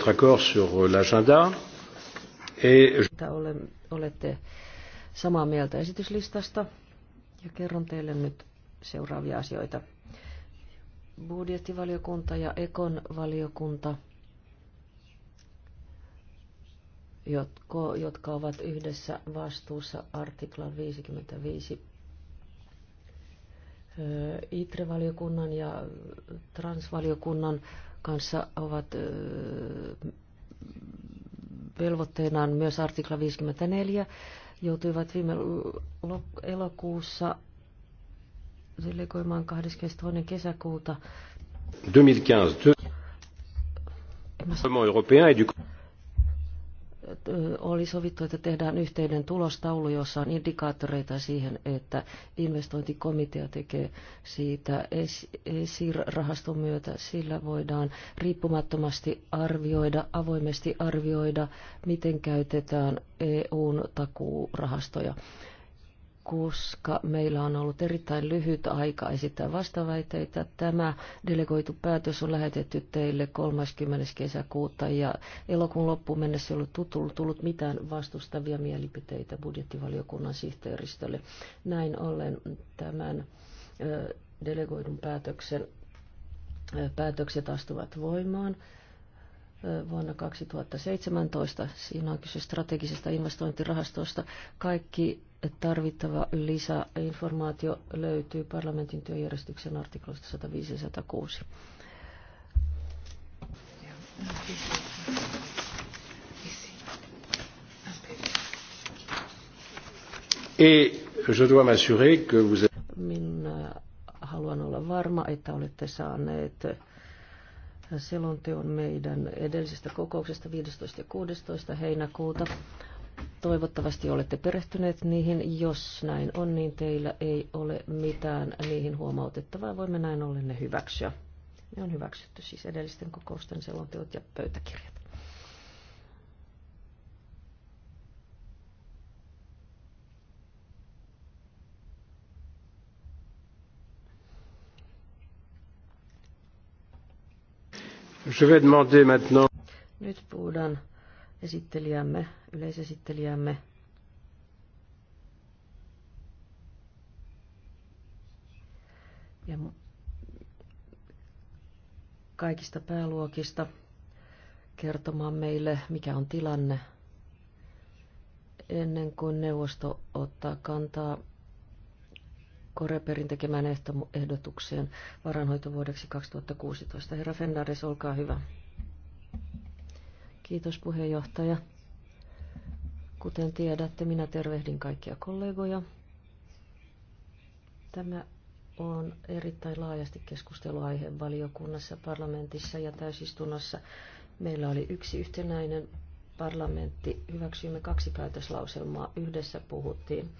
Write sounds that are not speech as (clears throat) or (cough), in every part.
votre accord sur euh, l'agenda. Et... Olette samaa mieltä esityslistasta ja kerron teille nyt seuraavia asioita. Budjettivaliokunta ja Ekon valiokunta, jotka, jotka ovat yhdessä vastuussa artiklan 55 ITRE-valiokunnan ja transvaliokunnan kanssa ovat velvoitteenaan myös artikla 54, joutuivat viime elokuussa delegoimaan 22. kesäkuuta 2015 oli sovittu, että tehdään yhteinen tulostaulu, jossa on indikaattoreita siihen, että investointikomitea tekee siitä ESIR-rahaston myötä. Sillä voidaan riippumattomasti arvioida, avoimesti arvioida, miten käytetään eu takuurahastoja koska meillä on ollut erittäin lyhyt aika esittää vastaväiteitä. Tämä delegoitu päätös on lähetetty teille 30. kesäkuuta ja elokuun loppuun mennessä ei ollut tullut mitään vastustavia mielipiteitä budjettivaliokunnan sihteeristölle. Näin ollen tämän delegoidun päätöksen päätökset astuvat voimaan vuonna 2017. Siinä on kyse strategisesta investointirahastosta. Kaikki tarvittava lisäinformaatio löytyy parlamentin työjärjestyksen artikloista 105 ja 106. Minä haluan olla varma, että olette saaneet selonteon meidän edellisestä kokouksesta 15. ja 16. heinäkuuta. Toivottavasti olette perehtyneet niihin. Jos näin on, niin teillä ei ole mitään niihin huomautettavaa. Voimme näin ollen ne hyväksyä. Ne on hyväksytty siis edellisten kokousten selonteot ja pöytäkirjat. Nyt puhutaan esittelijämme, yleisesittelijämme ja kaikista pääluokista kertomaan meille, mikä on tilanne ennen kuin neuvosto ottaa kantaa Koreperin tekemään ehdotukseen varanhoitovuodeksi 2016. Herra Fennares, olkaa hyvä. Kiitos puheenjohtaja. Kuten tiedätte, minä tervehdin kaikkia kollegoja. Tämä on erittäin laajasti keskusteluaihe valiokunnassa, parlamentissa ja täysistunnossa. Meillä oli yksi yhtenäinen parlamentti. Hyväksyimme kaksi päätöslauselmaa. Yhdessä puhuttiin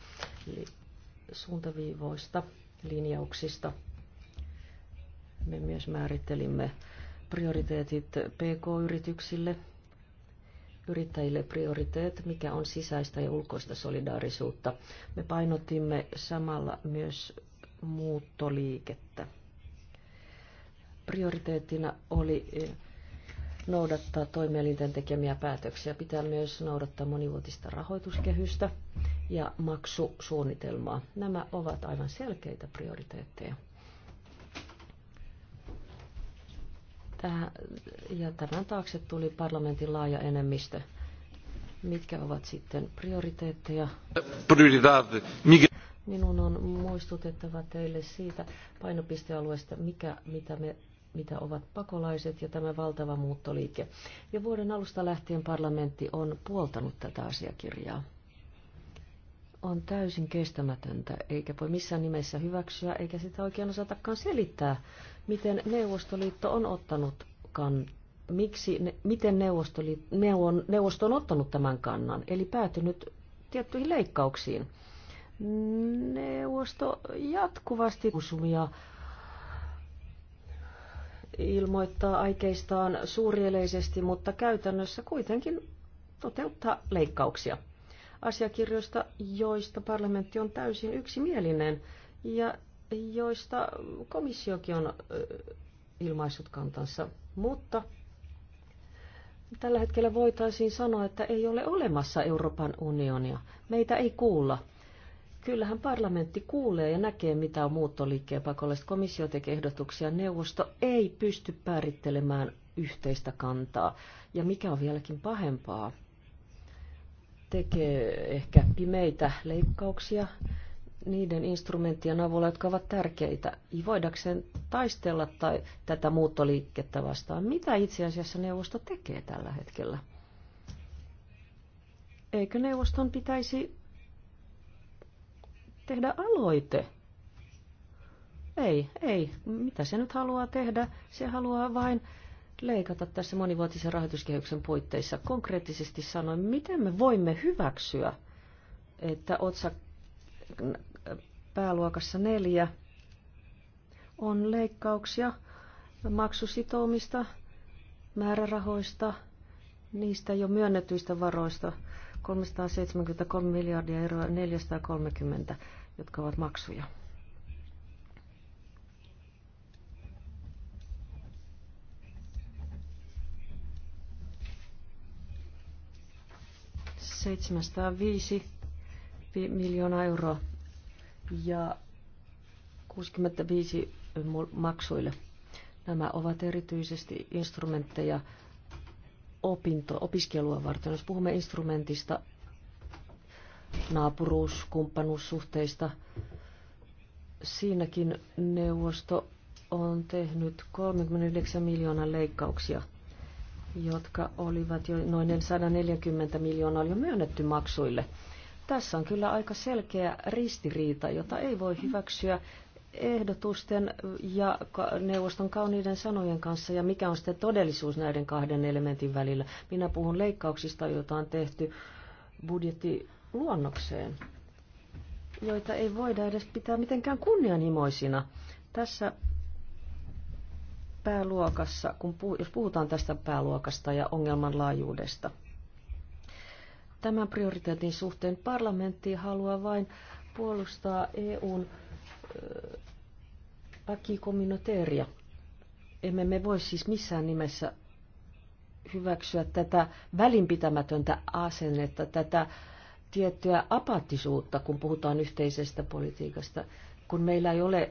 suuntaviivoista, linjauksista. Me myös määrittelimme prioriteetit PK-yrityksille, yrittäjille prioriteet, mikä on sisäistä ja ulkoista solidaarisuutta. Me painotimme samalla myös muuttoliikettä. Prioriteettina oli eh, noudattaa toimielinten tekemiä päätöksiä. Pitää myös noudattaa monivuotista rahoituskehystä ja maksusuunnitelmaa. Nämä ovat aivan selkeitä prioriteetteja. Tähän, ja tämän taakse tuli parlamentin laaja enemmistö. Mitkä ovat sitten prioriteetteja? Minun on muistutettava teille siitä painopistealueesta, mikä, mitä me mitä ovat pakolaiset ja tämä valtava muuttoliike. Jo vuoden alusta lähtien parlamentti on puoltanut tätä asiakirjaa on täysin kestämätöntä, eikä voi missään nimessä hyväksyä, eikä sitä oikein osatakaan selittää, miten Neuvostoliitto on ottanut kan, miksi, ne, miten Neuvostoli, neuvosto on ottanut tämän kannan, eli päätynyt tiettyihin leikkauksiin. Neuvosto jatkuvasti kusumia ilmoittaa aikeistaan suurieleisesti, mutta käytännössä kuitenkin toteuttaa leikkauksia asiakirjoista, joista parlamentti on täysin yksimielinen ja joista komissiokin on ilmaissut kantansa. Mutta tällä hetkellä voitaisiin sanoa, että ei ole olemassa Euroopan unionia. Meitä ei kuulla. Kyllähän parlamentti kuulee ja näkee, mitä on muuttoliikkeen pakolaiset. Komissio tekee ehdotuksia. Neuvosto ei pysty määrittelemään yhteistä kantaa. Ja mikä on vieläkin pahempaa, tekee ehkä pimeitä leikkauksia niiden instrumenttien avulla, jotka ovat tärkeitä, voidakseen taistella tai tätä muuttoliikettä vastaan. Mitä itse asiassa neuvosto tekee tällä hetkellä? Eikö neuvoston pitäisi tehdä aloite? Ei, ei. Mitä se nyt haluaa tehdä? Se haluaa vain äh, leikata tässä monivuotisen rahoituskehyksen puitteissa. Konkreettisesti sanoin, miten me voimme hyväksyä, että otsa pääluokassa neljä on leikkauksia maksusitoumista, määrärahoista, niistä jo myönnetyistä varoista 373 miljardia euroa 430, jotka ovat maksuja. 705 miljoonaa euroa ja 65 maksuille. Nämä ovat erityisesti instrumentteja opinto, opiskelua varten. Jos puhumme instrumentista, naapuruus, kumppanuussuhteista, siinäkin neuvosto on tehnyt 39 miljoonaa leikkauksia – jotka olivat jo noin 140 miljoonaa jo myönnetty maksuille. Tässä on kyllä aika selkeä ristiriita, jota ei voi hyväksyä ehdotusten ja neuvoston kauniiden sanojen kanssa ja mikä on sitten todellisuus näiden kahden elementin välillä. Minä puhun leikkauksista, joita on tehty budjettiluonnokseen, joita ei voida edes pitää mitenkään kunnianhimoisina. Tässä pääluokassa, kun puh- jos puhutaan tästä pääluokasta ja ongelman laajuudesta, tämän prioriteetin suhteen parlamentti haluaa vain puolustaa EUn akikommuniteeria. Emme me voi siis missään nimessä hyväksyä tätä välinpitämätöntä asennetta, tätä tiettyä apaattisuutta, kun puhutaan yhteisestä politiikasta, kun meillä ei ole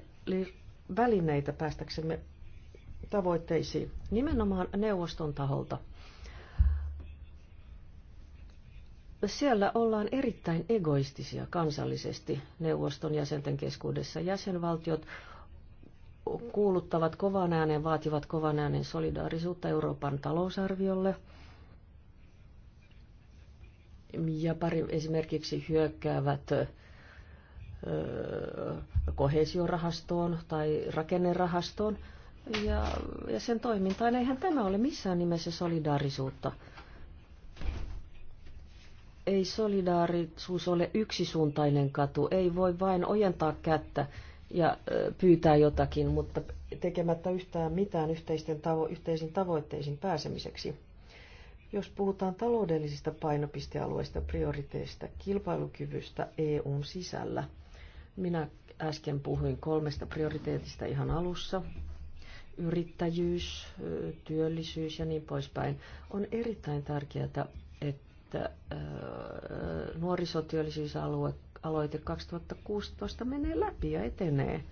välineitä päästäksemme tavoitteisiin, nimenomaan neuvoston taholta. Siellä ollaan erittäin egoistisia kansallisesti neuvoston jäsenten keskuudessa. Jäsenvaltiot kuuluttavat kovan äänen, vaativat kovan äänen solidaarisuutta Euroopan talousarviolle. Ja pari esimerkiksi hyökkäävät kohesiorahastoon tai rakennerahastoon ja, ja sen toimintaan. Eihän tämä ole missään nimessä solidaarisuutta. Ei solidaarisuus ole yksisuuntainen katu. Ei voi vain ojentaa kättä ja pyytää jotakin, mutta tekemättä yhtään mitään yhteisten tavo- yhteisiin tavoitteisiin pääsemiseksi. Jos puhutaan taloudellisista painopistealueista, prioriteista, kilpailukyvystä EUn sisällä, minä äsken puhuin kolmesta prioriteetista ihan alussa yrittäjyys, työllisyys ja niin poispäin. On erittäin tärkeää, että nuorisotyöllisyysalue aloite 2016 menee läpi ja etenee.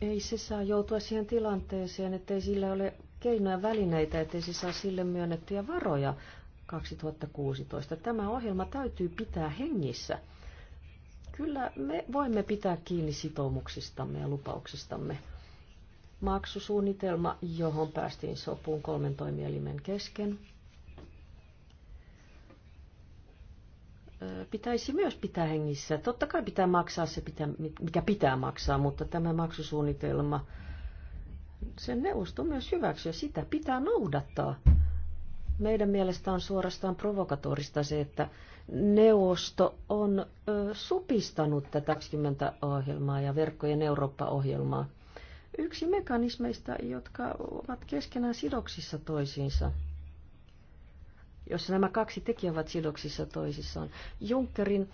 Ei se saa joutua siihen tilanteeseen, ettei sillä ole keinoja välineitä, ettei se saa sille myönnettyjä varoja 2016. Tämä ohjelma täytyy pitää hengissä. Kyllä me voimme pitää kiinni sitoumuksistamme ja lupauksistamme maksusuunnitelma, johon päästiin sopuun kolmen toimielimen kesken. Pitäisi myös pitää hengissä. Totta kai pitää maksaa se, mikä pitää maksaa, mutta tämä maksusuunnitelma, sen neuvosto myös hyväksyä. Sitä pitää noudattaa. Meidän mielestä on suorastaan provokatorista se, että neuvosto on supistanut tätä 20 ohjelmaa ja verkkojen Eurooppa-ohjelmaa – yksi mekanismeista, jotka ovat keskenään sidoksissa toisiinsa. Jos nämä kaksi tekijää ovat sidoksissa toisissaan. Junckerin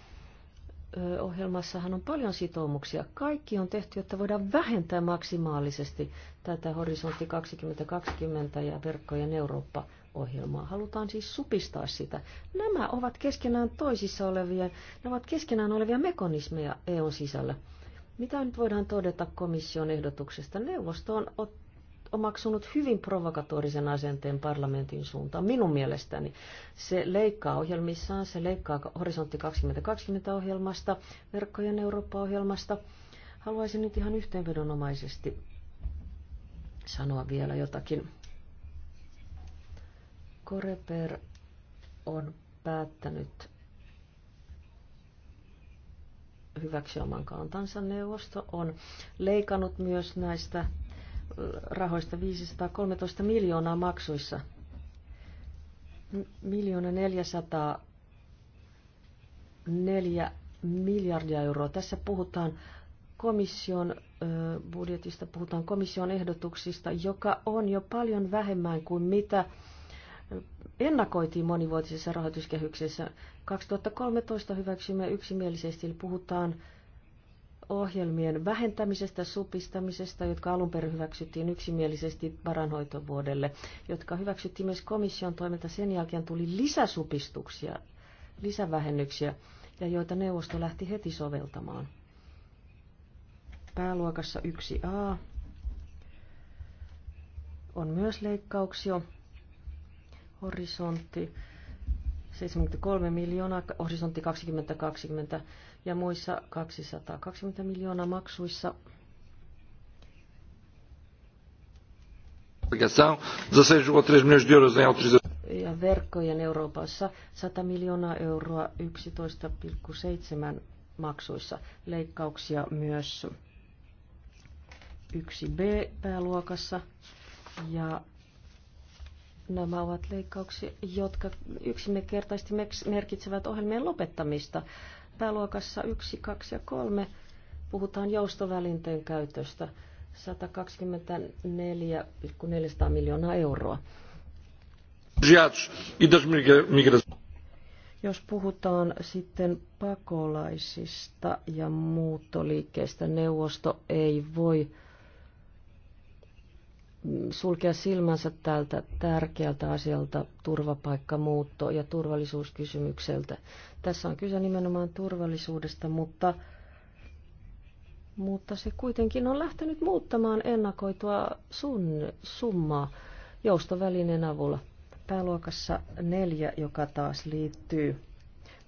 ohjelmassahan on paljon sitoumuksia. Kaikki on tehty, että voidaan vähentää maksimaalisesti tätä Horisontti 2020 ja Verkkojen Eurooppa-ohjelmaa. Halutaan siis supistaa sitä. Nämä ovat keskenään toisissa olevia, nämä ovat keskenään olevia mekanismeja EUn sisällä. Mitä nyt voidaan todeta komission ehdotuksesta? Neuvosto on omaksunut hyvin provokatorisen asenteen parlamentin suuntaan, minun mielestäni. Se leikkaa ohjelmissaan, se leikkaa Horisontti 2020-ohjelmasta, Verkkojen Eurooppa-ohjelmasta. Haluaisin nyt ihan yhteenvedonomaisesti sanoa vielä jotakin. Koreper on päättänyt hyväksi oman kantansa. Neuvosto on leikannut myös näistä rahoista 513 miljoonaa maksuissa. Miljoona 404 miljardia euroa. Tässä puhutaan komission budjetista, puhutaan komission ehdotuksista, joka on jo paljon vähemmän kuin mitä ennakoitiin monivuotisessa rahoituskehyksessä. 2013 hyväksymme yksimielisesti, puhutaan ohjelmien vähentämisestä, supistamisesta, jotka alun perin hyväksyttiin yksimielisesti varanhoitovuodelle, jotka hyväksyttiin myös komission toiminta Sen jälkeen tuli lisäsupistuksia, lisävähennyksiä, ja joita neuvosto lähti heti soveltamaan. Pääluokassa 1a on myös leikkauksia horisontti 73 miljoonaa, horisontti 2020 ja muissa 220 miljoonaa maksuissa. Ja verkkojen Euroopassa 100 miljoonaa euroa 11,7 maksuissa. Leikkauksia myös 1B-pääluokassa ja Nämä ovat leikkauksia, jotka yksinkertaisesti merkitsevät ohjelmien lopettamista. Pääluokassa 1, 2 ja 3 puhutaan joustovälinteen käytöstä 124,400 miljoonaa euroa. Jos puhutaan sitten pakolaisista ja muuttoliikkeistä, neuvosto ei voi sulkea silmänsä tältä tärkeältä asialta turvapaikkamuutto- ja turvallisuuskysymykseltä. Tässä on kyse nimenomaan turvallisuudesta, mutta, mutta se kuitenkin on lähtenyt muuttamaan ennakoitua sun summaa joustovälineen avulla. Pääluokassa neljä, joka taas liittyy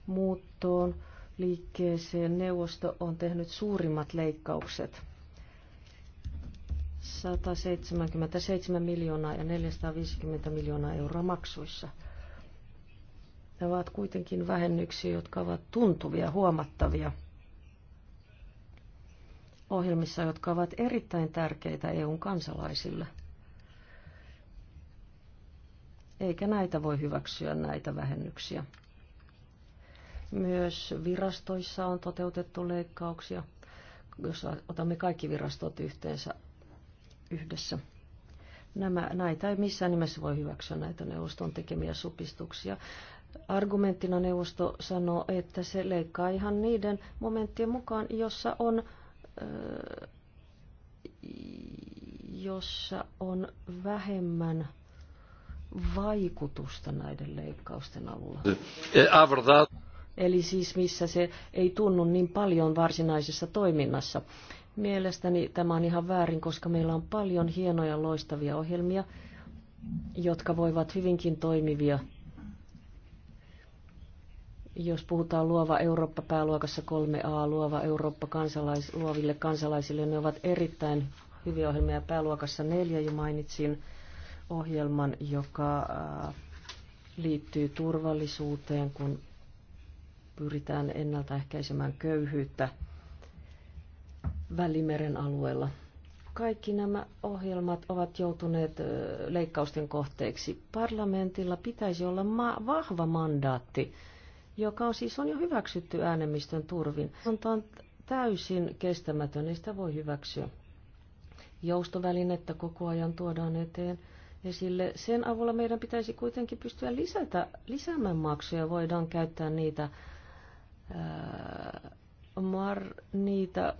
muuttoon liikkeeseen, neuvosto on tehnyt suurimmat leikkaukset – 177 miljoonaa ja 450 miljoonaa euroa maksuissa. Ne ovat kuitenkin vähennyksiä, jotka ovat tuntuvia, huomattavia ohjelmissa, jotka ovat erittäin tärkeitä EUn kansalaisille. Eikä näitä voi hyväksyä näitä vähennyksiä. Myös virastoissa on toteutettu leikkauksia, jos otamme kaikki virastot yhteensä yhdessä. Nämä, näitä ei missään nimessä voi hyväksyä näitä neuvoston tekemiä supistuksia. Argumenttina neuvosto sanoo, että se leikkaa ihan niiden momenttien mukaan, jossa on, öö, jossa on vähemmän vaikutusta näiden leikkausten avulla. Eli siis missä se ei tunnu niin paljon varsinaisessa toiminnassa. Mielestäni tämä on ihan väärin, koska meillä on paljon hienoja loistavia ohjelmia, jotka voivat hyvinkin toimivia. Jos puhutaan Luova Eurooppa pääluokassa 3a, Luova Eurooppa kansalais, luoville kansalaisille, ne ovat erittäin hyviä ohjelmia. Pääluokassa 4 jo mainitsin ohjelman, joka äh, liittyy turvallisuuteen, kun pyritään ennaltaehkäisemään köyhyyttä – Välimeren alueella. Kaikki nämä ohjelmat ovat joutuneet leikkausten kohteeksi. Parlamentilla pitäisi olla ma- vahva mandaatti, joka on siis on jo hyväksytty äänemistön turvin. On täysin kestämätön, ei sitä voi hyväksyä. Joustovälinettä koko ajan tuodaan eteen esille. Sen avulla meidän pitäisi kuitenkin pystyä lisätä, lisäämään maksuja. Voidaan käyttää niitä, ää, mar, niitä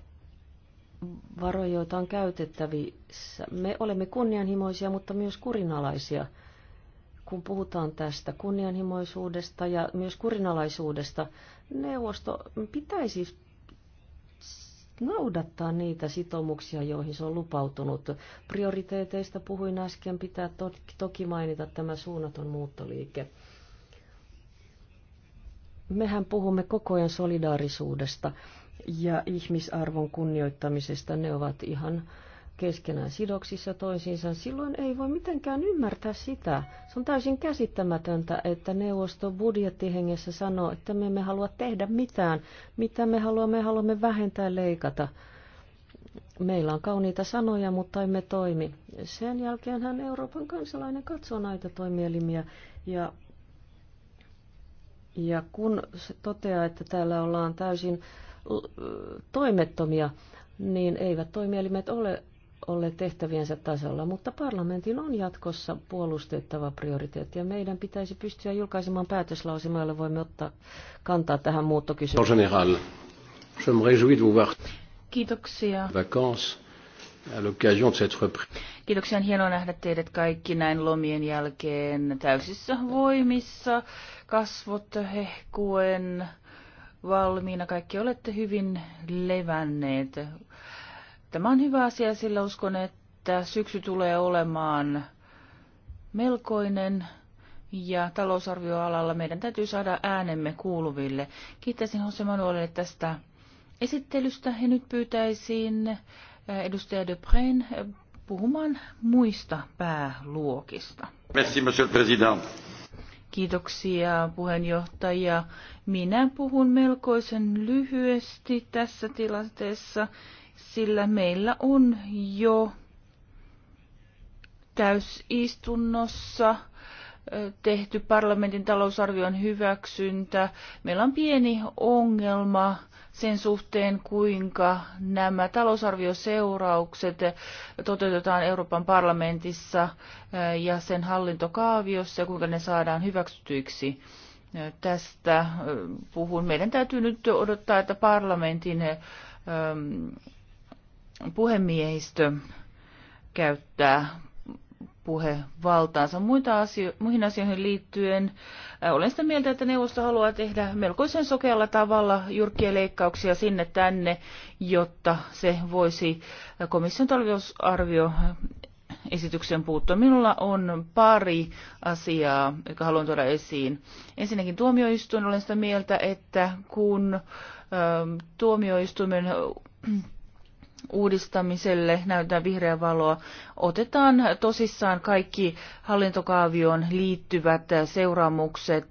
varoja, joita on käytettävissä. Me olemme kunnianhimoisia, mutta myös kurinalaisia, kun puhutaan tästä kunnianhimoisuudesta ja myös kurinalaisuudesta. Neuvosto pitäisi noudattaa niitä sitoumuksia, joihin se on lupautunut. Prioriteeteista puhuin äsken, pitää toki mainita tämä suunnaton muuttoliike. Mehän puhumme koko ajan solidaarisuudesta ja ihmisarvon kunnioittamisesta, ne ovat ihan keskenään sidoksissa toisiinsa, silloin ei voi mitenkään ymmärtää sitä. Se on täysin käsittämätöntä, että neuvosto budjettihengessä sanoo, että me emme halua tehdä mitään. Mitä me haluamme? Me haluamme vähentää leikata. Meillä on kauniita sanoja, mutta emme toimi. Sen jälkeen hän Euroopan kansalainen katsoo näitä toimielimiä ja ja kun se toteaa, että täällä ollaan täysin toimettomia, niin eivät toimielimet ole olleet tehtäviensä tasolla, mutta parlamentin on jatkossa puolustettava prioriteetti ja meidän pitäisi pystyä julkaisemaan päätöslausima, jolla voimme ottaa kantaa tähän muuttokysymykseen. Kiitoksia. Kiitoksia, on hienoa nähdä teidät kaikki näin lomien jälkeen täysissä voimissa, kasvot hehkuen valmiina. Kaikki olette hyvin levänneet. Tämä on hyvä asia, sillä uskon, että syksy tulee olemaan melkoinen ja talousarvioalalla meidän täytyy saada äänemme kuuluville. Kiittäisin Jose Manuelille tästä esittelystä ja nyt pyytäisin eh, edustaja Depren eh, puhumaan muista pääluokista. Merci, monsieur le président. Kiitoksia puheenjohtaja. Minä puhun melkoisen lyhyesti tässä tilanteessa, sillä meillä on jo täysistunnossa tehty parlamentin talousarvion hyväksyntä. Meillä on pieni ongelma sen suhteen, kuinka nämä talousarvioseuraukset toteutetaan Euroopan parlamentissa eh, ja sen hallintokaaviossa ja kuinka ne saadaan hyväksytyiksi. Eh, tästä eh, puhun. Meidän täytyy nyt odottaa, että parlamentin puhemiehistö käyttää valtaansa. Muita asio- muihin asioihin liittyen äh, olen sitä mieltä, että neuvosto haluaa tehdä melkoisen sokealla tavalla jyrkkiä leikkauksia sinne tänne, jotta se voisi komission talviusarvio esityksen puuttua. Minulla on pari asiaa, jotka haluan tuoda esiin. Ensinnäkin tuomioistuin olen sitä mieltä, että kun ähm, tuomioistuimen uudistamiselle näytetään vihreä valoa. Otetaan tosissaan kaikki hallintokaavioon liittyvät seuraamukset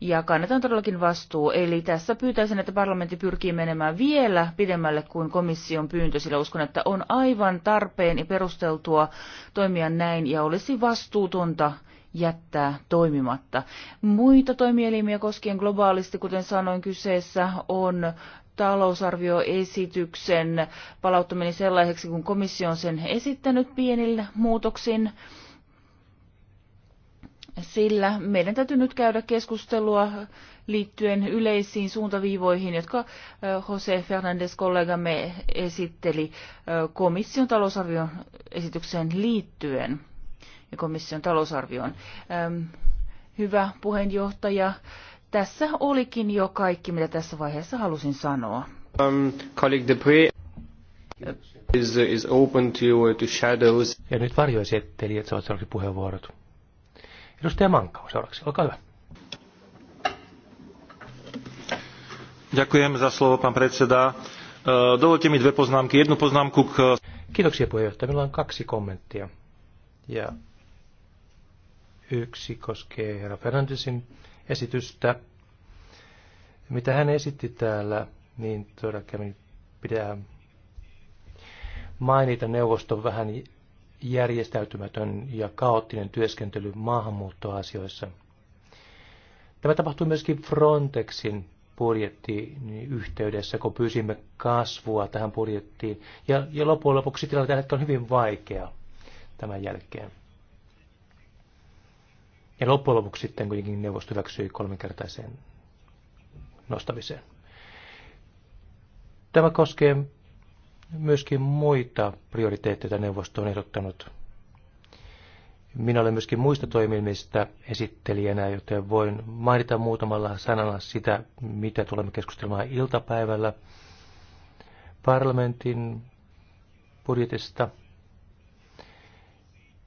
ja kannetaan todellakin vastuu. Eli tässä pyytäisin, että parlamentti pyrkii menemään vielä pidemmälle kuin komission pyyntö, sillä uskon, että on aivan tarpeen ja perusteltua toimia näin ja olisi vastuutonta jättää toimimatta. Muita toimielimiä koskien globaalisti, kuten sanoin, kyseessä on talousarvioesityksen palauttaminen sellaiseksi, kun komissio on sen esittänyt pienillä muutoksin. Sillä meidän täytyy nyt käydä keskustelua liittyen yleisiin suuntaviivoihin, jotka Jose Fernandes kollegamme esitteli komission talousarvion esitykseen liittyen ja komission talousarvioon. Hyvä puheenjohtaja, tässä olikin jo kaikki, mitä tässä vaiheessa halusin sanoa. Um, colleague Dupré is, is open to, uh, to shadows. Ja nyt varjoesittelijät saavat seuraavaksi puheenvuorot. Edustaja Manka on seuraavaksi, olkaa hyvä. Ďakujem za slovo, pán predseda. E, dovolte mi dve poznámky. Jednu poznámku k... Kiitoksia puheenjohtaja. Meillä on kaksi kommenttia. Ja yksi koskee herra Fernandesin esitystä. Mitä hän esitti täällä, niin todellakin pitää mainita neuvoston vähän järjestäytymätön ja kaoottinen työskentely maahanmuuttoasioissa. Tämä tapahtui myöskin Frontexin budjettiin yhteydessä, kun pyysimme kasvua tähän budjettiin. Ja, ja loppujen lopuksi tilanne tällä hetkellä on hyvin vaikea tämän jälkeen. Ja loppujen lopuksi sitten kuitenkin neuvosto hyväksyi kolminkertaiseen nostamiseen. Tämä koskee myöskin muita prioriteetteja, joita neuvosto on ehdottanut. Minä olen myöskin muista toimimista esittelijänä, joten voin mainita muutamalla sanalla sitä, mitä tulemme keskustelemaan iltapäivällä parlamentin budjetista –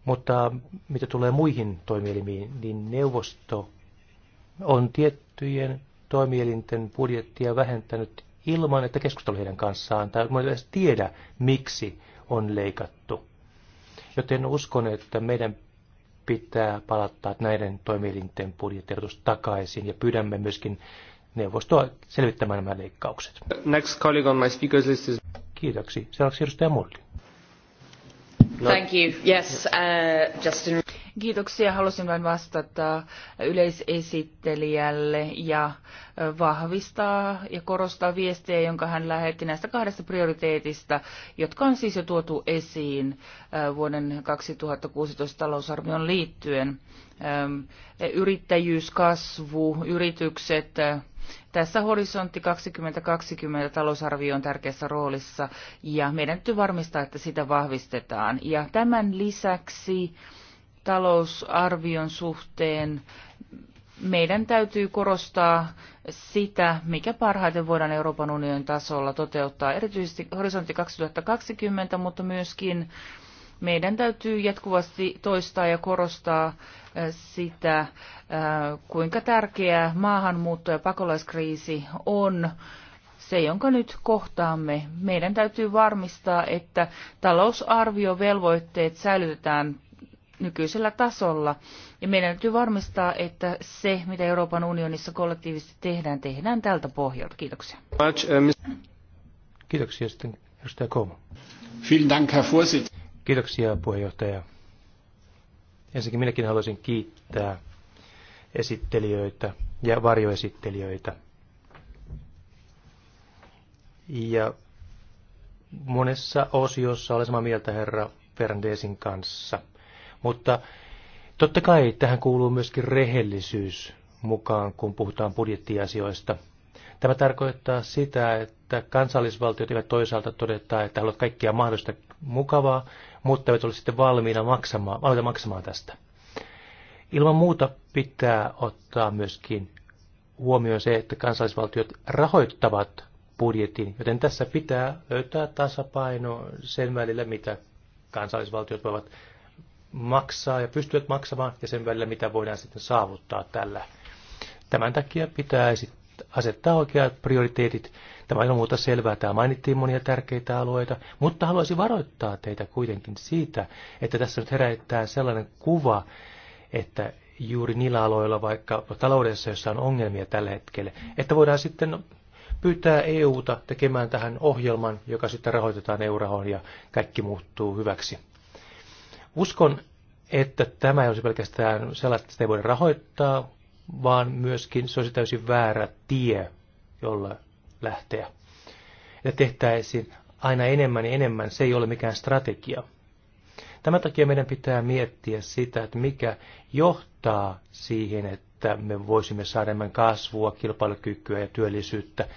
mutta mitä tulee muihin toimielimiin, niin neuvosto on tiettyjen toimielinten budjettia vähentänyt ilman, että keskustelu heidän kanssaan tai ei edes tiedä, miksi on leikattu. Joten uskon, että meidän pitää palattaa näiden toimielinten budjettiedotus takaisin ja pyydämme myöskin neuvostoa selvittämään nämä leikkaukset. Next colleague on my speakers list is... Kiitoksi. Seuraavaksi edustaja Mulli. Thank you. Yes, uh, Justin. Kiitoksia. Halusin vain vastata yleisesittelijälle ja vahvistaa ja korostaa viestejä, jonka hän lähetti näistä kahdesta prioriteetista, jotka on siis jo tuotu esiin vuoden 2016 talousarvion liittyen. Yrittäjyys, kasvu, yritykset, tässä horisontti 2020 talousarvio on tärkeässä roolissa ja meidän täytyy varmistaa, että sitä vahvistetaan. Ja tämän lisäksi talousarvion suhteen meidän täytyy korostaa sitä, mikä parhaiten voidaan Euroopan unionin tasolla toteuttaa, erityisesti horisontti 2020, mutta myöskin meidän täytyy jatkuvasti toistaa ja korostaa äh, sitä, äh, kuinka tärkeä maahanmuutto- ja pakolaiskriisi on se, jonka nyt kohtaamme. Meidän täytyy varmistaa, että talousarviovelvoitteet säilytetään nykyisellä tasolla. Ja meidän täytyy varmistaa, että se, mitä Euroopan unionissa kollektiivisesti tehdään, tehdään tältä pohjalta. Kiitoksia. Äh, Kiitoksia sitten edustaja Kooma. Vielen Dank, Herr Vorsitz. Kiitoksia puheenjohtaja. Ensinnäkin minäkin haluaisin kiittää esittelijöitä ja varjoesittelijöitä. Ja monessa osiossa olen samaa mieltä herra Ferndesin kanssa. Mutta totta kai tähän kuuluu myöskin rehellisyys mukaan, kun puhutaan budjettiasioista – Tämä tarkoittaa sitä, että kansallisvaltiot eivät toisaalta todeta, että haluat kaikkia mahdollista mukavaa, mutta eivät ole sitten valmiina maksamaan, maksamaan tästä. Ilman muuta pitää ottaa myöskin huomioon se, että kansallisvaltiot rahoittavat budjetin, joten tässä pitää löytää tasapaino sen välillä, mitä kansallisvaltiot voivat maksaa ja pystyvät maksamaan, ja sen välillä, mitä voidaan sitten saavuttaa tällä. Tämän takia pitäisi asettaa oikeat prioriteetit. Tämä on ilman muuta selvää, tämä mainittiin monia tärkeitä alueita, mutta haluaisin varoittaa teitä kuitenkin siitä, että tässä nyt herättää sellainen kuva, että juuri niillä aloilla, vaikka taloudessa, jossa on ongelmia tällä hetkellä, että voidaan sitten pyytää EUta tekemään tähän ohjelman, joka sitten rahoitetaan eurohon ja kaikki muuttuu hyväksi. Uskon, että tämä ei olisi pelkästään sellaista, että sitä ei voida rahoittaa, vaan myöskin se olisi täysin väärä tie, jolla lähteä. Ja tehtäisiin aina enemmän ja enemmän, se ei ole mikään strategia. Tämän takia meidän pitää miettiä sitä, että mikä johtaa siihen, että me voisimme saada enemmän kasvua, kilpailukykyä ja työllisyyttä.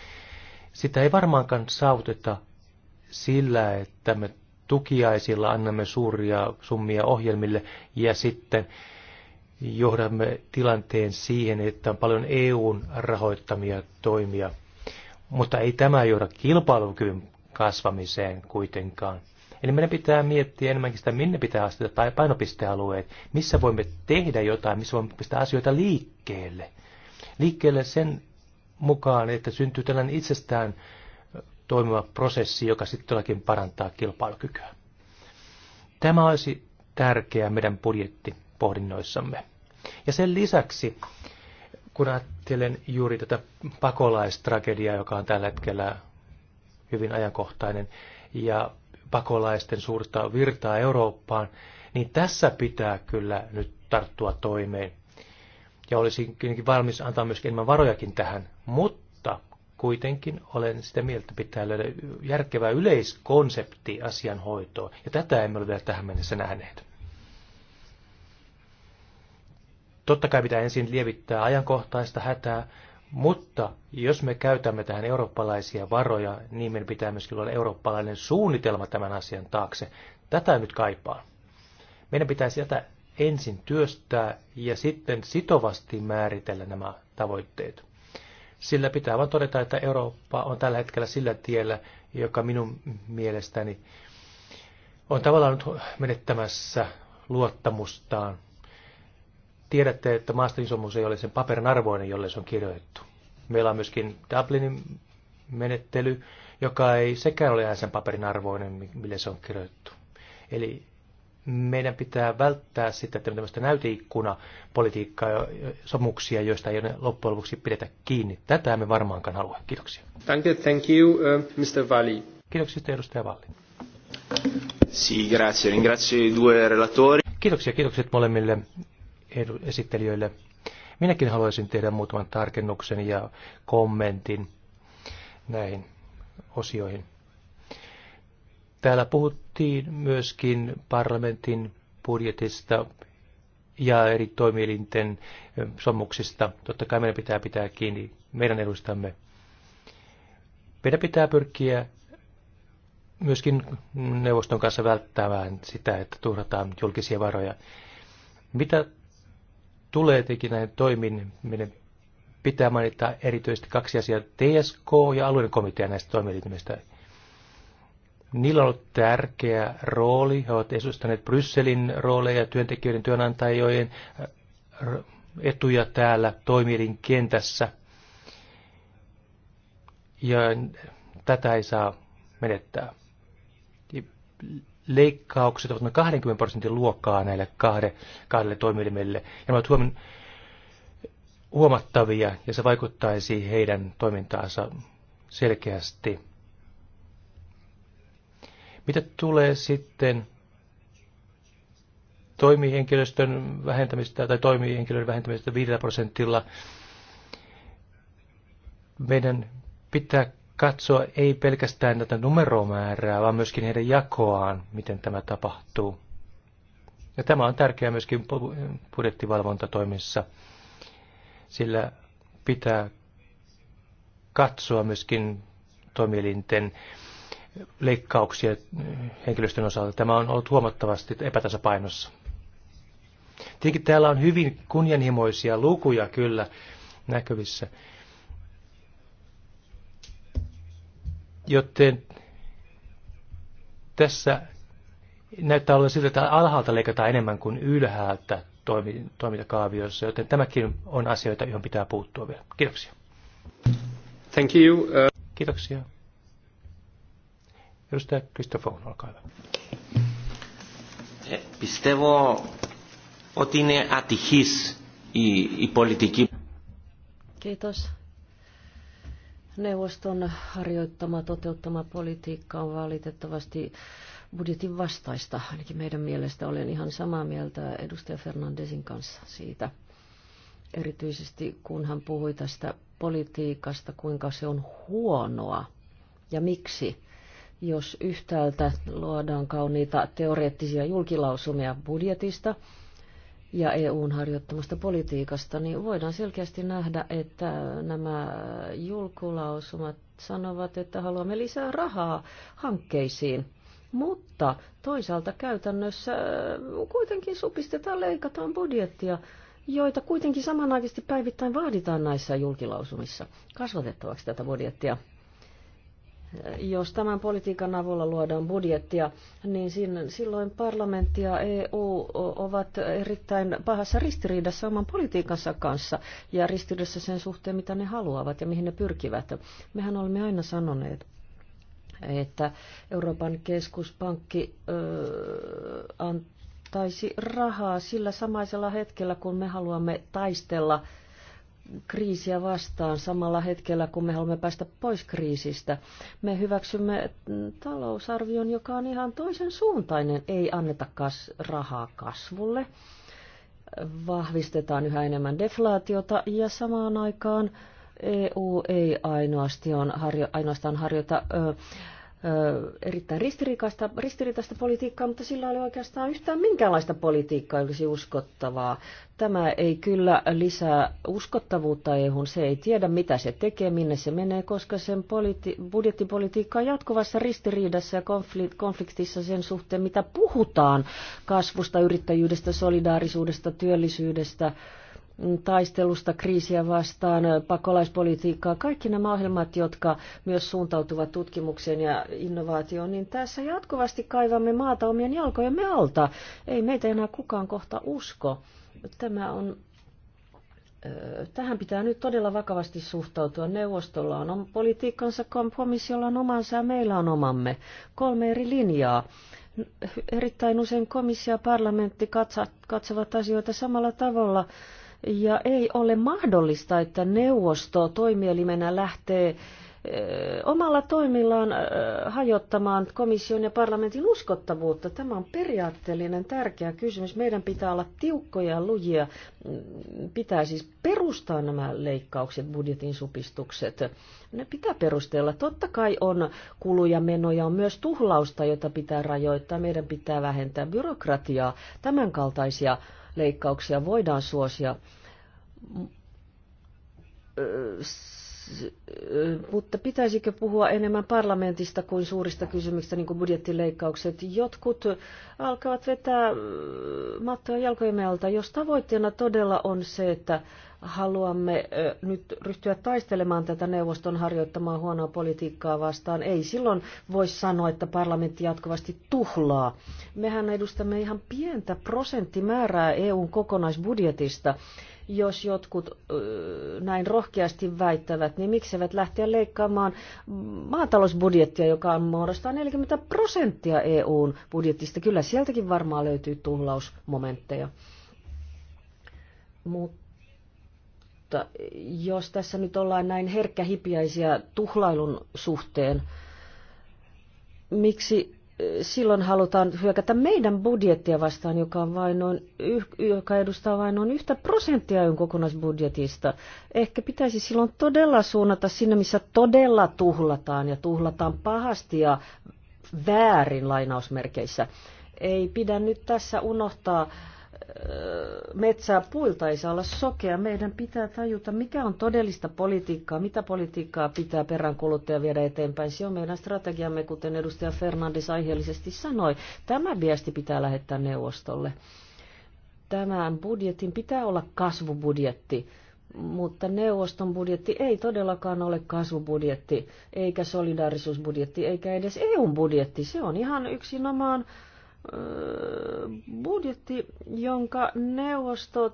Sitä ei varmaankaan saavuteta sillä, että me tukiaisilla annamme suuria summia ohjelmille ja sitten johdamme tilanteen siihen, että on paljon EUn rahoittamia toimia. Mutta ei tämä johda kilpailukyvyn kasvamiseen kuitenkaan. Eli meidän pitää miettiä enemmänkin sitä, minne pitää tai painopistealueet, missä voimme tehdä jotain, missä voimme pistää asioita liikkeelle. Liikkeelle sen mukaan, että syntyy tällainen itsestään toimiva prosessi, joka sitten todellakin parantaa kilpailukykyä. Tämä olisi tärkeää meidän budjettipohdinnoissamme. Ja sen lisäksi, kun ajattelen juuri tätä pakolaistragediaa, joka on tällä hetkellä hyvin ajankohtainen, ja pakolaisten suurta virtaa Eurooppaan, niin tässä pitää kyllä nyt tarttua toimeen. Ja olisin kuitenkin valmis antaa myöskin enemmän varojakin tähän, mutta kuitenkin olen sitä mieltä, että pitää löydä järkevä yleiskonsepti asianhoitoon. Ja tätä emme ole vielä tähän mennessä nähneet. Totta kai pitää ensin lievittää ajankohtaista hätää, mutta jos me käytämme tähän eurooppalaisia varoja, niin meidän pitää myöskin olla eurooppalainen suunnitelma tämän asian taakse. Tätä nyt kaipaa. Meidän pitää sieltä ensin työstää ja sitten sitovasti määritellä nämä tavoitteet. Sillä pitää vain todeta, että Eurooppa on tällä hetkellä sillä tiellä, joka minun mielestäni on tavallaan nyt menettämässä luottamustaan tiedätte, että Maastin sopimus ei ole sen paperin arvoinen, jolle se on kirjoitettu. Meillä on myöskin Dublinin menettely, joka ei sekään ole sen paperin arvoinen, mille se on kirjoitettu. Eli meidän pitää välttää sitä, että tämmöistä politiikkaa ja sopimuksia, joista ei ole loppujen lopuksi pidetä kiinni. Tätä me varmaankaan halua. Kiitoksia. Thank you, thank you uh, Mr. Valli. Kiitoksia, edustaja Valli. Sì, grazie. Ringrazio i due relatori. Kiitoksia, kiitokset molemmille esittelijöille. Minäkin haluaisin tehdä muutaman tarkennuksen ja kommentin näihin osioihin. Täällä puhuttiin myöskin parlamentin budjetista ja eri toimielinten sommuksista. Totta kai meidän pitää pitää kiinni meidän edustamme. Meidän pitää pyrkiä myöskin neuvoston kanssa välttämään sitä, että turhataan julkisia varoja. Mitä tulee tietenkin näihin toimiin, meidän pitää mainita erityisesti kaksi asiaa, TSK ja alueen komitea näistä toimielimistä. Niillä on ollut tärkeä rooli, he ovat esustaneet Brysselin rooleja työntekijöiden, työnantajien äh, etuja täällä toimielin kentässä. Ja tätä ei saa menettää leikkaukset ovat noin 20 prosentin luokkaa näille kahde, kahdelle toimielimelle. Ja ne ovat huom- huomattavia ja se vaikuttaisi heidän toimintaansa selkeästi. Mitä tulee sitten toimihenkilöstön vähentämistä tai toimihenkilöiden vähentämistä 5 prosentilla, meidän pitää katsoa ei pelkästään tätä numeromäärää, vaan myöskin heidän jakoaan, miten tämä tapahtuu. Ja tämä on tärkeää myöskin budjettivalvontatoimissa, sillä pitää katsoa myöskin toimielinten leikkauksia henkilöstön osalta. Tämä on ollut huomattavasti epätasapainossa. Tietenkin täällä on hyvin kunnianhimoisia lukuja kyllä näkyvissä, Joten tässä näyttää olla siltä, että alhaalta leikataan enemmän kuin ylhäältä toimintakaaviossa, joten tämäkin on asioita, johon pitää puuttua vielä. Kiitoksia. Thank you. Uh... Kiitoksia. Edustaja Kristofon, olkaa hyvä. Pistevo ότι atihis i, η, Kiitos. Neuvoston harjoittama, toteuttama politiikka on valitettavasti budjetin vastaista. Ainakin meidän mielestä olen ihan samaa mieltä edustaja Fernandesin kanssa siitä. Erityisesti kun hän puhui tästä politiikasta, kuinka se on huonoa ja miksi. Jos yhtäältä luodaan kauniita teoreettisia julkilausumia budjetista, ja EUn harjoittamasta politiikasta, niin voidaan selkeästi nähdä, että nämä julkulausumat sanovat, että haluamme lisää rahaa hankkeisiin. Mutta toisaalta käytännössä kuitenkin supistetaan, leikataan budjettia, joita kuitenkin samanaikaisesti päivittäin vaaditaan näissä julkilausumissa kasvatettavaksi tätä budjettia. Jos tämän politiikan avulla luodaan budjettia, niin silloin parlamentti ja EU ovat erittäin pahassa ristiriidassa oman politiikansa kanssa ja ristiriidassa sen suhteen, mitä ne haluavat ja mihin ne pyrkivät. Mehän olemme aina sanoneet, että Euroopan keskuspankki antaisi rahaa sillä samaisella hetkellä, kun me haluamme taistella – kriisiä vastaan samalla hetkellä, kun me haluamme päästä pois kriisistä. Me hyväksymme talousarvion, joka on ihan toisen suuntainen. Ei anneta kas- rahaa kasvulle, vahvistetaan yhä enemmän deflaatiota ja samaan aikaan EU ei ainoastaan, harjoita, ainoastaan harjoita ö, erittäin ristiriitaista, ristiriitaista politiikkaa, mutta sillä oli oikeastaan yhtään minkäänlaista politiikkaa olisi uskottavaa. Tämä ei kyllä lisää uskottavuutta EUhun, se ei tiedä mitä se tekee, minne se menee, koska sen politi- budjettipolitiikka on jatkuvassa ristiriidassa ja konflikt- konfliktissa sen suhteen, mitä puhutaan kasvusta, yrittäjyydestä, solidaarisuudesta, työllisyydestä taistelusta kriisiä vastaan, pakolaispolitiikkaa, kaikki nämä ohjelmat, jotka myös suuntautuvat tutkimukseen ja innovaatioon, niin tässä jatkuvasti kaivamme maata omien jalkojemme alta. Ei meitä enää kukaan kohta usko. Tämä on tähän pitää nyt todella vakavasti suhtautua. Neuvostolla on politiikkansa, komissiolla on omansa ja meillä on omamme. Kolme eri linjaa. Erittäin usein komissio ja parlamentti katsovat asioita samalla tavalla ja ei ole mahdollista, että neuvosto toimielimenä lähtee eh, omalla toimillaan eh, hajottamaan komission ja parlamentin uskottavuutta. Tämä on periaatteellinen tärkeä kysymys. Meidän pitää olla tiukkoja ja lujia. Mm, pitää siis perustaa nämä leikkaukset, budjetin supistukset. Ne pitää perustella. Totta kai on kuluja, menoja, on myös tuhlausta, jota pitää rajoittaa. Meidän pitää vähentää byrokratiaa, tämänkaltaisia kaltaisia leikkauksia voidaan suosia mutta pitäisikö puhua enemmän parlamentista kuin suurista kysymyksistä, niin kuin budjettileikkaukset? Jotkut alkavat vetää mattoja jalkojen alta, jos tavoitteena todella on se, että haluamme nyt ryhtyä taistelemaan tätä neuvoston harjoittamaa huonoa politiikkaa vastaan, ei silloin voi sanoa, että parlamentti jatkuvasti tuhlaa. Mehän edustamme ihan pientä prosenttimäärää EUn kokonaisbudjetista jos jotkut näin rohkeasti väittävät, niin miksi eivät lähteä leikkaamaan maatalousbudjettia, joka on muodostaa 40 prosenttia EUn budjettista? Kyllä sieltäkin varmaan löytyy tuhlausmomentteja. Mutta jos tässä nyt ollaan näin herkkähipiäisiä tuhlailun suhteen, miksi silloin halutaan hyökätä meidän budjettia vastaan, joka, on vain noin, joka edustaa vain noin yhtä prosenttia EUn kokonaisbudjetista. Ehkä pitäisi silloin todella suunnata sinne, missä todella tuhlataan ja tuhlataan pahasti ja väärin lainausmerkeissä. Ei pidä nyt tässä unohtaa äh, metsää puilta ei saa olla sokea. Meidän pitää tajuta, mikä on todellista politiikkaa, mitä politiikkaa pitää peräänkuluttaja viedä eteenpäin. Se on meidän strategiamme, kuten edustaja Fernandes aiheellisesti sanoi. Tämä viesti pitää lähettää neuvostolle. Tämän budjetin pitää olla kasvubudjetti, mutta neuvoston budjetti ei todellakaan ole kasvubudjetti, eikä solidaarisuusbudjetti, eikä edes eu budjetti. Se on ihan yksinomaan omaan budjetti, jonka neuvosto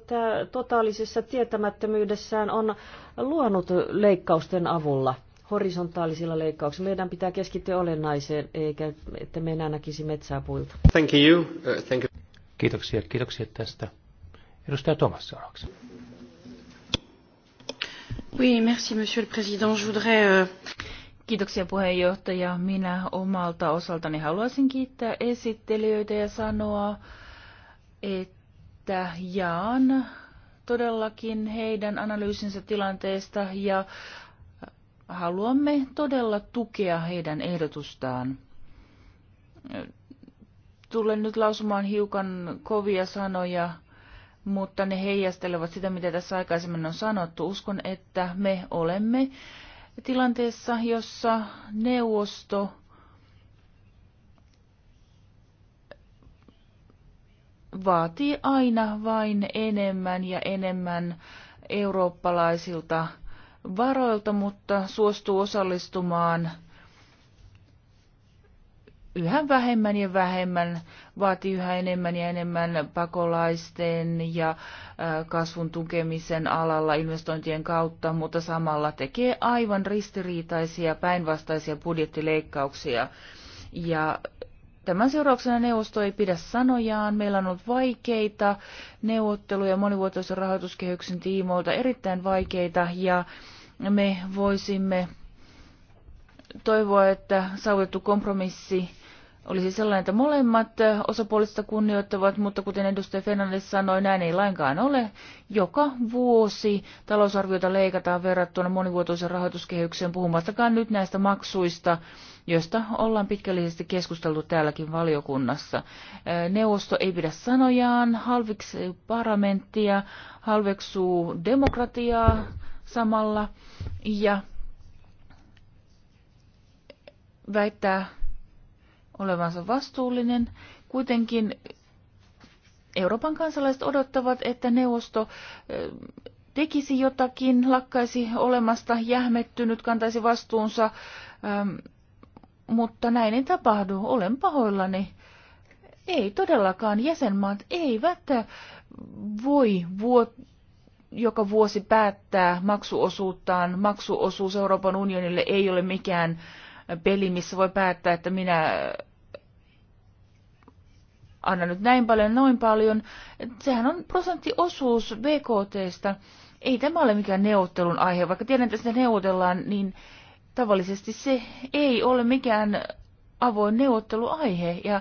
totaalisessa tietämättömyydessään on luonut leikkausten avulla, horisontaalisilla leikkauksilla. Meidän pitää keskittyä olennaiseen, eikä että me enää näkisi metsää puilta. Thank you. Uh, thank you. Kiitoksia, kiitoksia tästä. Edustaja Thomas seuraavaksi. Oui, merci, monsieur le président. Je voudrais, uh... Kiitoksia puheenjohtaja. Minä omalta osaltani haluaisin kiittää esittelijöitä ja sanoa, että jaan todellakin heidän analyysinsä tilanteesta ja haluamme todella tukea heidän ehdotustaan. Tulen nyt lausumaan hiukan kovia sanoja, mutta ne heijastelevat sitä, mitä tässä aikaisemmin on sanottu. Uskon, että me olemme tilanteessa, jossa neuvosto vaatii aina vain enemmän ja enemmän eurooppalaisilta varoilta, mutta suostuu osallistumaan yhä vähemmän ja vähemmän, vaatii yhä enemmän ja enemmän pakolaisten ja kasvun tukemisen alalla investointien kautta, mutta samalla tekee aivan ristiriitaisia päinvastaisia budjettileikkauksia. Ja Tämän seurauksena neuvosto ei pidä sanojaan. Meillä on ollut vaikeita neuvotteluja monivuotoisen rahoituskehyksen tiimoilta, erittäin vaikeita, ja me voisimme toivoa, että saavutettu kompromissi olisi sellainen, että molemmat osapuolista kunnioittavat, mutta kuten edustaja Fernandes sanoi, näin ei lainkaan ole. Joka vuosi talousarviota leikataan verrattuna monivuotoisen rahoituskehykseen, puhumattakaan nyt näistä maksuista, joista ollaan pitkällisesti keskusteltu täälläkin valiokunnassa. Neuvosto ei pidä sanojaan, halveksuu parlamenttia, halveksuu demokratiaa samalla ja väittää olevansa vastuullinen. Kuitenkin Euroopan kansalaiset odottavat, että neuvosto tekisi jotakin, lakkaisi olemasta jähmettynyt, kantaisi vastuunsa, mutta näin ei tapahdu. Olen pahoillani. Ei todellakaan. Jäsenmaat eivät voi vuot joka vuosi päättää maksuosuuttaan. Maksuosuus Euroopan unionille ei ole mikään peli, missä voi päättää, että minä anna nyt näin paljon, noin paljon. Sehän on prosenttiosuus BKTstä. Ei tämä ole mikään neuvottelun aihe, vaikka tiedän, että sitä neuvotellaan, niin tavallisesti se ei ole mikään avoin neuvotteluaihe. Ja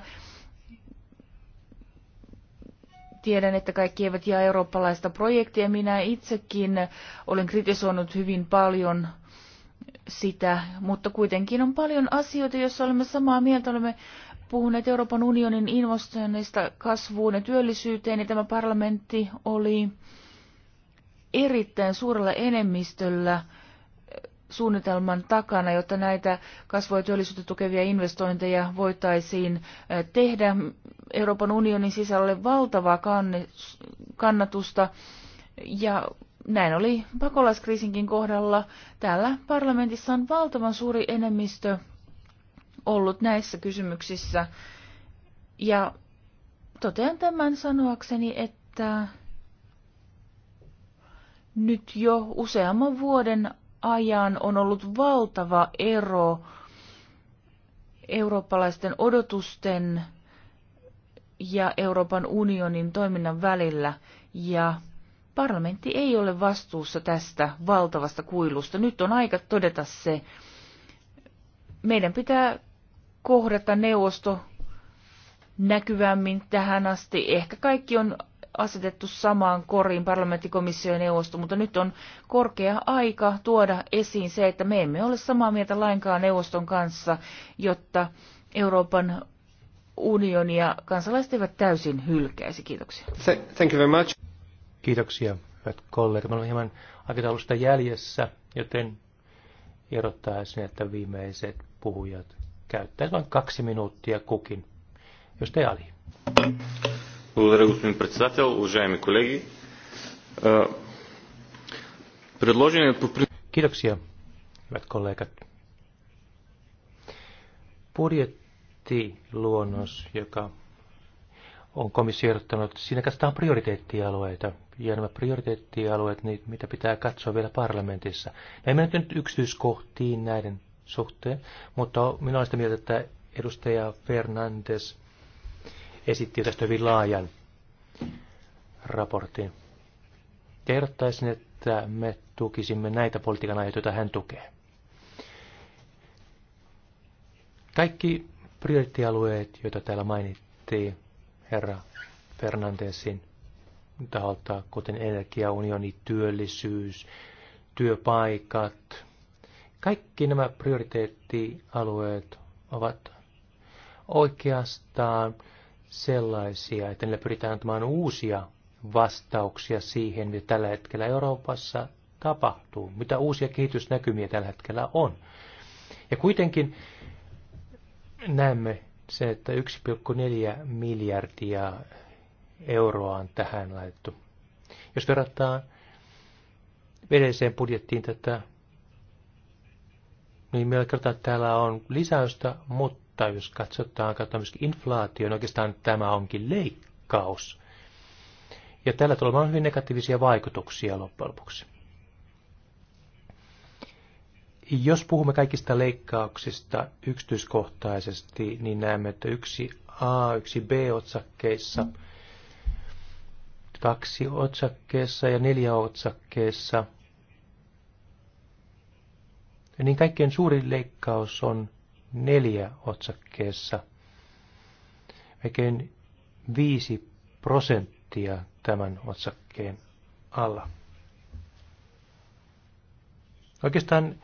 tiedän, että kaikki eivät jää eurooppalaista projektia. Minä itsekin olen kritisoinut hyvin paljon sitä, mutta kuitenkin on paljon asioita, joissa olemme samaa mieltä, olemme puhuneet Euroopan unionin investoinneista kasvuun ja työllisyyteen, ja tämä parlamentti oli erittäin suurella enemmistöllä suunnitelman takana, jotta näitä kasvua ja työllisyyttä tukevia investointeja voitaisiin tehdä. Euroopan unionin sisälle valtavaa kannatusta ja näin oli pakolaiskriisinkin kohdalla. Täällä parlamentissa on valtavan suuri enemmistö ollut näissä kysymyksissä. Ja totean tämän sanoakseni, että nyt jo useamman vuoden ajan on ollut valtava ero eurooppalaisten odotusten ja Euroopan unionin toiminnan välillä. Ja parlamentti ei ole vastuussa tästä valtavasta kuilusta. Nyt on aika todeta se. Meidän pitää kohdata neuvosto näkyvämmin tähän asti. Ehkä kaikki on asetettu samaan koriin parlamenttikomissio ja neuvosto, mutta nyt on korkea aika tuoda esiin se, että me emme ole samaa mieltä lainkaan neuvoston kanssa, jotta Euroopan unionia kansalaiset eivät täysin hylkäisi. Kiitoksia. Thank you very much. Kiitoksia, hyvät kollegat. Me olemme hieman aikataulusta jäljessä, joten erottaisin, että viimeiset puhujat käyttäen vain kaksi minuuttia kukin. Jos te Ali. Благодаря, господин председател. Уважаеми колеги, предложеният по Kiitoksia, hyvät kollegat. Budjettiluonnos, joka on komissio ehdottanut, siinä katsotaan prioriteettialueita. Ja nämä prioriteettialueet, niitä, mitä pitää katsoa vielä parlamentissa. Näin mennään nyt yksityiskohtiin näiden suhteen, mutta minä olen sitä mieltä, että edustaja Fernandes esitti tästä hyvin laajan raportin. Ja että me tukisimme näitä politiikan aiheita, joita hän tukee. Kaikki prioriteettialueet, joita täällä mainittiin herra Fernandesin taholta, kuten energiaunioni, työllisyys, työpaikat, kaikki nämä prioriteettialueet ovat oikeastaan sellaisia, että niillä pyritään antamaan uusia vastauksia siihen, mitä tällä hetkellä Euroopassa tapahtuu, mitä uusia kehitysnäkymiä tällä hetkellä on. Ja kuitenkin näemme se, että 1,4 miljardia euroa on tähän laitettu. Jos verrataan edelliseen budjettiin tätä niin meillä kertaa täällä on lisäystä, mutta jos katsotaan, katsotaan myöskin inflaatio, niin oikeastaan tämä onkin leikkaus. Ja tällä tulee olemaan hyvin negatiivisia vaikutuksia loppujen lopuksi. Jos puhumme kaikista leikkauksista yksityiskohtaisesti, niin näemme, että yksi A, yksi B-otsakkeissa, kaksi otsakkeessa ja neljä otsakkeessa – niin kaikkein suurin leikkaus on neljä otsakkeessa. Melkein viisi prosenttia tämän otsakkeen alla. Oikeastaan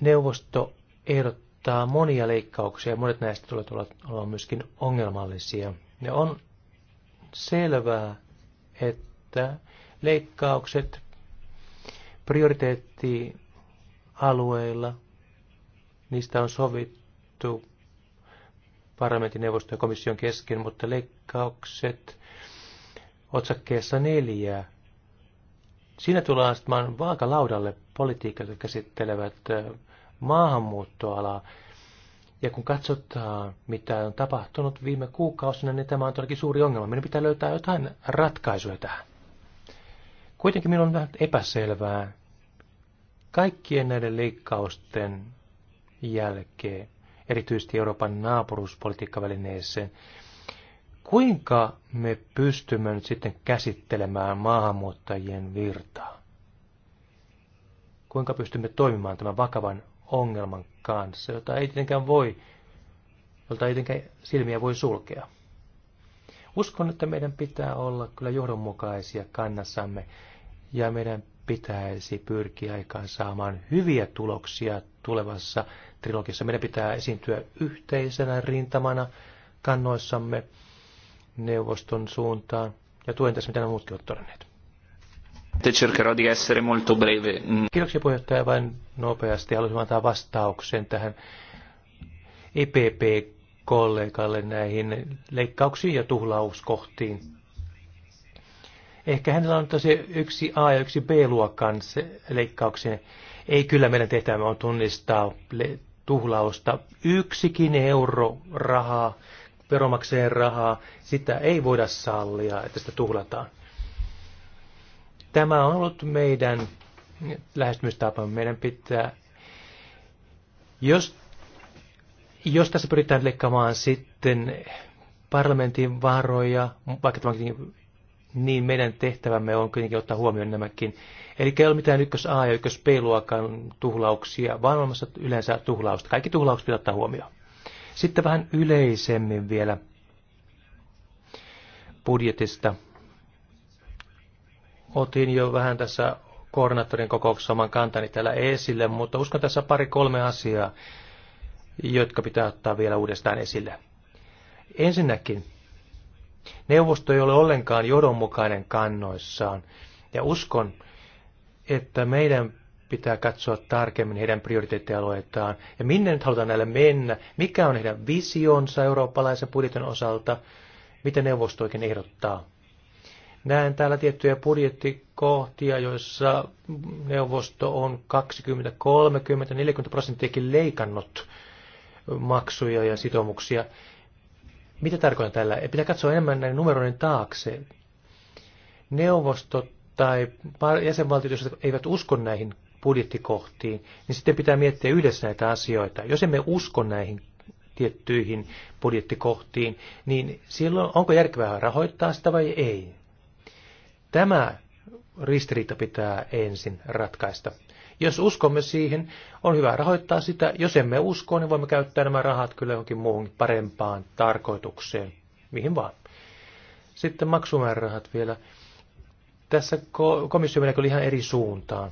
neuvosto ehdottaa monia leikkauksia ja monet näistä tulevat olla myöskin ongelmallisia. Ne on selvää, että leikkaukset prioriteettialueilla, niistä on sovittu parlamentin neuvoston ja komission kesken, mutta leikkaukset otsakkeessa neljä. Siinä tullaan sitten vaakalaudalle politiikat, jotka käsittelevät maahanmuuttoalaa. Ja kun katsotaan, mitä on tapahtunut viime kuukausina, niin tämä on todellakin suuri ongelma. Meidän pitää löytää jotain ratkaisuja tähän. Kuitenkin minulla on vähän epäselvää kaikkien näiden leikkausten jälkeen, erityisesti Euroopan naapuruuspolitiikkavälineeseen, kuinka me pystymme nyt sitten käsittelemään maahanmuuttajien virtaa? Kuinka pystymme toimimaan tämän vakavan ongelman kanssa, jota ei tietenkään voi, jolta ei tietenkään silmiä voi sulkea? Uskon, että meidän pitää olla kyllä johdonmukaisia kannassamme ja meidän pitäisi pyrkiä aikaan saamaan hyviä tuloksia tulevassa trilogissa. Meidän pitää esiintyä yhteisenä rintamana kannoissamme neuvoston suuntaan. Ja tuen tässä, mitä nämä muutkin ovat todenneet. Mm. Kiitoksia puheenjohtaja, vain nopeasti haluaisin antaa vastauksen tähän EPP-kollegalle näihin leikkauksiin ja tuhlauskohtiin Ehkä hänellä on tosi yksi A- ja yksi B-luokan leikkauksen. Ei kyllä meidän tehtävämme on tunnistaa tuhlausta. Yksikin euro rahaa, veromakseen rahaa, sitä ei voida sallia, että sitä tuhlataan. Tämä on ollut meidän lähestymistapa Meidän pitää, jos, jos tässä pyritään leikkaamaan sitten parlamentin varoja, vaikka tämäkin niin meidän tehtävämme on kuitenkin ottaa huomioon nämäkin. Eli ei ole mitään ykkös A ja ykkös B luokan tuhlauksia, vaan olemassa yleensä tuhlausta. Kaikki tuhlaukset pitää ottaa huomioon. Sitten vähän yleisemmin vielä budjetista. Otin jo vähän tässä koordinaattorin kokouksessa oman kantani täällä esille, mutta uskon tässä pari-kolme asiaa, jotka pitää ottaa vielä uudestaan esille. Ensinnäkin Neuvosto ei ole ollenkaan johdonmukainen kannoissaan. Ja uskon, että meidän pitää katsoa tarkemmin heidän prioriteettialueitaan ja minne nyt halutaan näille mennä, mikä on heidän visionsa eurooppalaisen budjetin osalta, mitä neuvosto oikein ehdottaa. Näen täällä tiettyjä budjettikohtia, joissa neuvosto on 20, 30, 40 prosenttiakin leikannut maksuja ja sitoumuksia. Mitä tarkoitan tällä? Pitää katsoa enemmän näiden numeroiden taakse. Neuvostot tai jäsenvaltiot, jotka eivät usko näihin budjettikohtiin, niin sitten pitää miettiä yhdessä näitä asioita. Jos emme usko näihin tiettyihin budjettikohtiin, niin silloin onko järkevää rahoittaa sitä vai ei? Tämä ristiriita pitää ensin ratkaista. Jos uskomme siihen, on hyvä rahoittaa sitä. Jos emme usko, niin voimme käyttää nämä rahat kyllä johonkin muuhun parempaan tarkoitukseen, mihin vaan. Sitten maksumäärärahat vielä. Tässä komissio menee kyllä ihan eri suuntaan.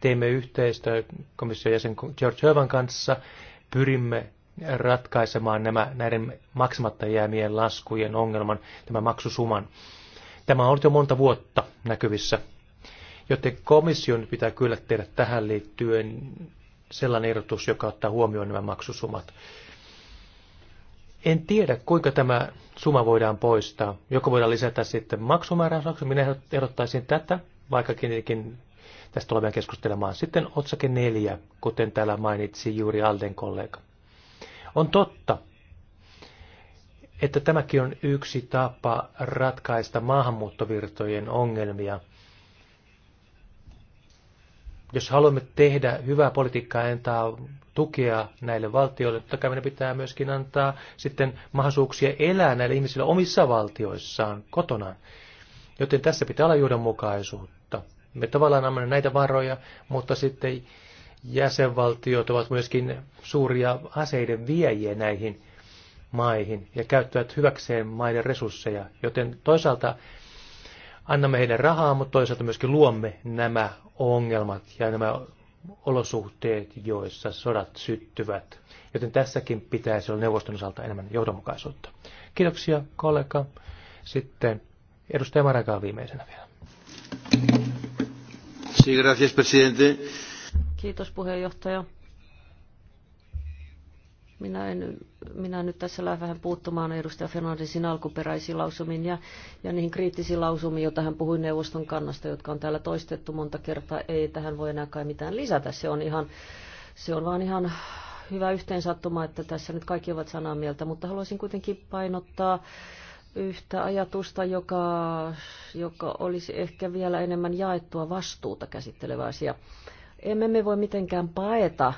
Teimme yhteistä komission jäsen George Hervan kanssa. Pyrimme ratkaisemaan nämä, näiden maksamatta jäämien laskujen ongelman, tämän maksusuman. Tämä on ollut jo monta vuotta näkyvissä Joten komission pitää kyllä tehdä tähän liittyen sellainen ehdotus, joka ottaa huomioon nämä maksusummat. En tiedä, kuinka tämä suma voidaan poistaa. Joko voidaan lisätä sitten maksumääräysmaksu, minä ehdottaisin tätä, vaikkakin tietenkin tästä tulemme keskustelemaan. Sitten otsake neljä, kuten täällä mainitsi juuri Alden kollega. On totta, että tämäkin on yksi tapa ratkaista maahanmuuttovirtojen ongelmia – jos haluamme tehdä hyvää politiikkaa ja antaa tukea näille valtioille, totta kai meidän pitää myöskin antaa sitten mahdollisuuksia elää näille ihmisille omissa valtioissaan, kotona. Joten tässä pitää olla johdonmukaisuutta. Me tavallaan annamme näitä varoja, mutta sitten jäsenvaltiot ovat myöskin suuria aseiden viejiä näihin maihin ja käyttävät hyväkseen maiden resursseja. Joten toisaalta annamme heille rahaa, mutta toisaalta myöskin luomme nämä ongelmat ja nämä olosuhteet, joissa sodat syttyvät. Joten tässäkin pitäisi olla neuvoston osalta enemmän johdonmukaisuutta. Kiitoksia kollega. Sitten edustaja Marakaa viimeisenä vielä. Kiitos puheenjohtaja. Minä, en, minä nyt tässä lähden vähän puuttumaan edustaja Fernandesin alkuperäisiin lausumiin ja, ja niihin kriittisiin lausumiin, joita hän puhui neuvoston kannasta, jotka on täällä toistettu monta kertaa. Ei tähän voi enää kai mitään lisätä. Se on, ihan, se on vaan ihan hyvä yhteensattuma, että tässä nyt kaikki ovat sanaa mieltä, mutta haluaisin kuitenkin painottaa yhtä ajatusta, joka, joka olisi ehkä vielä enemmän jaettua vastuuta käsittelevä asia. Emme me voi mitenkään paeta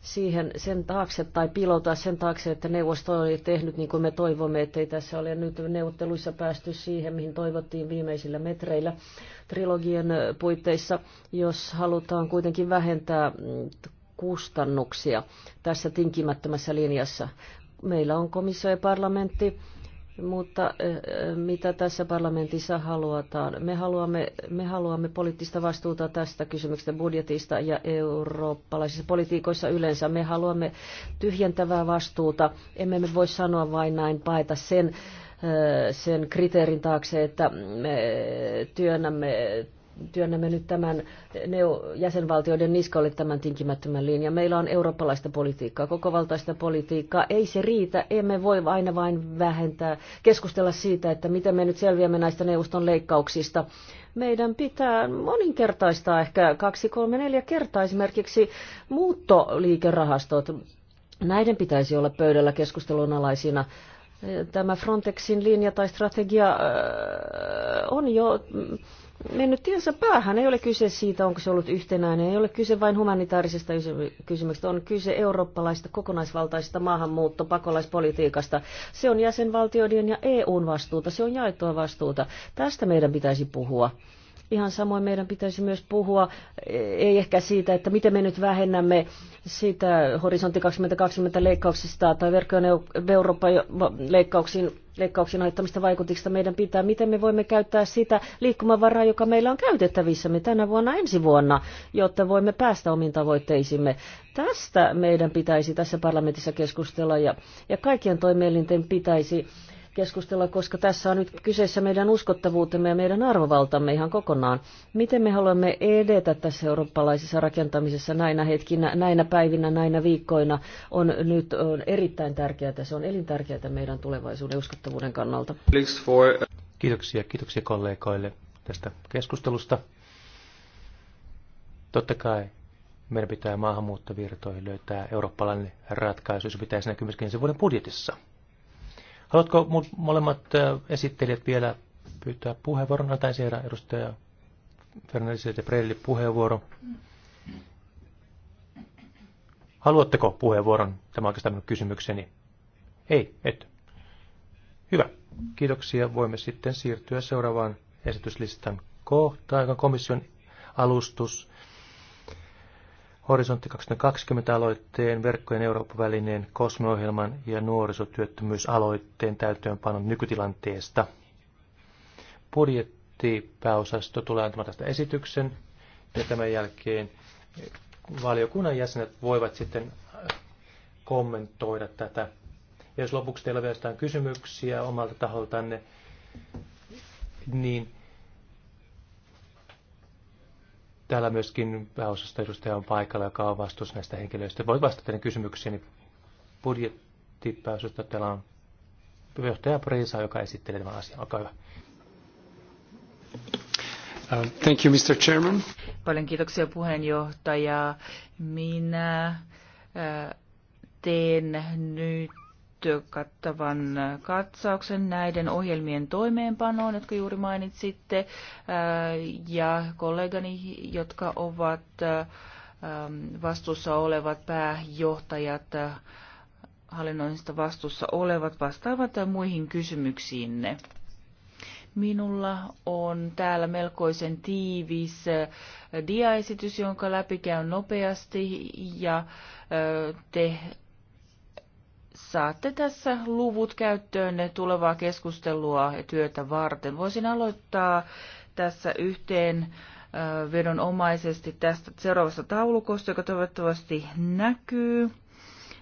siihen sen taakse tai pilota sen taakse, että neuvosto oli tehnyt niin kuin me toivomme, ettei tässä ole nyt neuvotteluissa päästy siihen, mihin toivottiin viimeisillä metreillä trilogien puitteissa, jos halutaan kuitenkin vähentää mm, kustannuksia tässä tinkimättömässä linjassa. Meillä on komissio ja parlamentti mutta mitä tässä parlamentissa haluataan? Me haluamme, me haluamme poliittista vastuuta tästä kysymyksestä budjetista ja eurooppalaisissa politiikoissa yleensä. Me haluamme tyhjentävää vastuuta. Emme me voi sanoa vain näin paeta sen, sen kriteerin taakse, että me työnnämme työnnämme nyt tämän jäsenvaltioiden niskalle tämän tinkimättömän linjan. Meillä on eurooppalaista politiikkaa, kokovaltaista politiikkaa. Ei se riitä, emme voi aina vain vähentää, keskustella siitä, että miten me nyt selviämme näistä neuvoston leikkauksista. Meidän pitää moninkertaistaa ehkä kaksi, kolme, neljä kertaa esimerkiksi muuttoliikerahastot. Näiden pitäisi olla pöydällä keskustelun alaisina tämä Frontexin linja tai strategia äh, on jo mennyt tiensä päähän. Ei ole kyse siitä, onko se ollut yhtenäinen. Ei ole kyse vain humanitaarisesta kysymyksestä. On kyse eurooppalaista kokonaisvaltaisesta maahanmuutto- pakolaispolitiikasta. Se on jäsenvaltioiden ja EUn vastuuta. Se on jaettua vastuuta. Tästä meidän pitäisi puhua. Ihan samoin meidän pitäisi myös puhua, e, ei ehkä siitä, että miten me nyt vähennämme sitä horisontti 2020 leikkauksista tai verkkojen Euroopan leikkauksiin leikkauksien aiheuttamista vaikutuksista meidän pitää, miten me voimme käyttää sitä liikkumavaraa, joka meillä on käytettävissämme tänä vuonna ensi vuonna, jotta voimme päästä omiin tavoitteisimme. Tästä meidän pitäisi tässä parlamentissa keskustella ja, ja kaikkien toimielinten pitäisi keskustella, koska tässä on nyt kyseessä meidän uskottavuutemme ja meidän arvovaltamme ihan kokonaan. Miten me haluamme edetä tässä eurooppalaisessa rakentamisessa näinä hetkinä, näinä päivinä, näinä viikkoina on nyt on erittäin tärkeää. Se on elintärkeää meidän tulevaisuuden uskottavuuden kannalta. Kiitoksia, kiitoksia kollegoille tästä keskustelusta. Totta kai meidän pitää maahanmuuttovirtoihin löytää eurooppalainen ratkaisu, jos pitäisi näkyä myöskin sen vuoden budjetissa. Haluatko molemmat esittelijät vielä pyytää puheenvuoron? Otan no, siellä edustaja Fernandes de Prelli puheenvuoro. Haluatteko puheenvuoron? Tämä on oikeastaan minun kysymykseni. Ei, et. Hyvä. Kiitoksia. Voimme sitten siirtyä seuraavaan esityslistan kohtaan, joka komission alustus Horisontti 2020 aloitteen, verkkojen Euroopan välineen, kosmeohjelman ja nuorisotyöttömyysaloitteen täytäntöönpanon nykytilanteesta. Budjettipääosasto tulee antamaan tästä esityksen ja tämän jälkeen valiokunnan jäsenet voivat sitten äh, kommentoida tätä. Ja jos lopuksi teillä on vielä kysymyksiä omalta taholtanne, niin Täällä myöskin pääosasta edustaja on paikalla, joka on vastuussa näistä henkilöistä. Voit vastata ne kysymyksiin. Budjettipääosasta täällä on johtaja Preisa, joka esittelee tämän asian. Olkaa hyvä. Uh, thank you, Mr. Chairman. Paljon kiitoksia puheenjohtaja. Minä uh, teen nyt kattavan katsauksen näiden ohjelmien toimeenpanoon, jotka juuri mainitsitte, äh, ja kollegani, jotka ovat ähm, vastuussa olevat pääjohtajat, äh, hallinnoinnista vastuussa olevat vastaavat muihin kysymyksiinne. Minulla on täällä melkoisen tiivis äh, diaesitys, jonka läpikäyn nopeasti ja te saatte tässä luvut käyttöönne tulevaa keskustelua ja työtä varten. Voisin aloittaa tässä yhteen äh, vedonomaisesti tästä seuraavasta taulukosta, joka toivottavasti näkyy.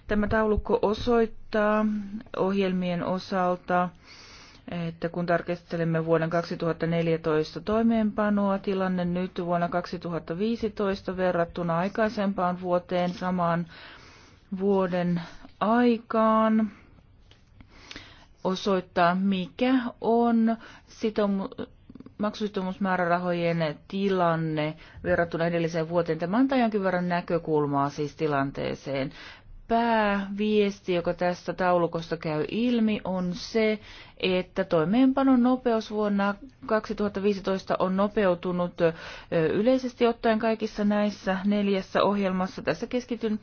Tämä taulukko osoittaa ohjelmien osalta, että kun tarkastelemme vuoden 2014 toimeenpanoa, tilanne nyt vuonna 2015 verrattuna aikaisempaan vuoteen samaan vuoden aikaan osoittaa, mikä on sitomu- maksusitoumusmäärärahojen tilanne verrattuna edelliseen vuoteen. Tämä antaa jonkin verran näkökulmaa siis tilanteeseen. Pääviesti, joka tästä taulukosta käy ilmi, on se, että toimeenpanon nopeus vuonna 2015 on nopeutunut yleisesti ottaen kaikissa näissä neljässä ohjelmassa. Tässä keskityn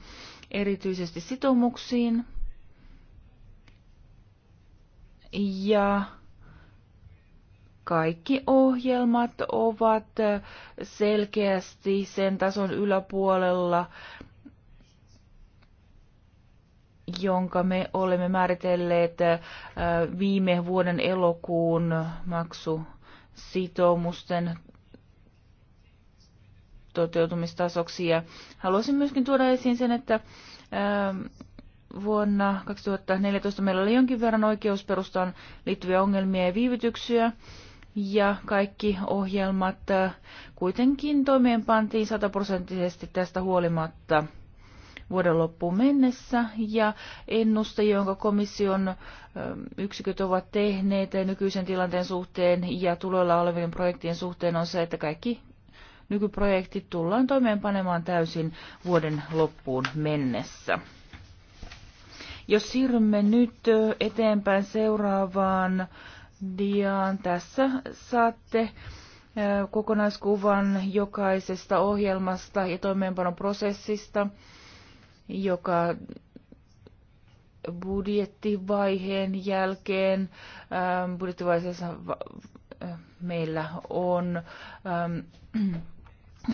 erityisesti sitoumuksiin ja kaikki ohjelmat ovat selkeästi sen tason yläpuolella, jonka me olemme määritelleet äh, viime vuoden elokuun maksusitoumusten toteutumistasoksi. Ja haluaisin myöskin tuoda esiin sen, että ähm, vuonna 2014 meillä oli jonkin verran oikeusperustaan liittyviä ongelmia ja viivytyksiä. Ja kaikki ohjelmat äh, kuitenkin toimeenpantiin sataprosenttisesti tästä huolimatta vuoden loppuun mennessä ja ennuste, jonka komission ähm, yksiköt ovat tehneet nykyisen tilanteen suhteen ja tuloilla olevien projektien suhteen on se, että kaikki nykyprojektit tullaan toimeenpanemaan täysin vuoden loppuun mennessä. Jos siirrymme nyt eteenpäin seuraavaan diaan, tässä saatte kokonaiskuvan jokaisesta ohjelmasta ja toimeenpanon prosessista, joka budjettivaiheen jälkeen, budjettivaiheessa meillä on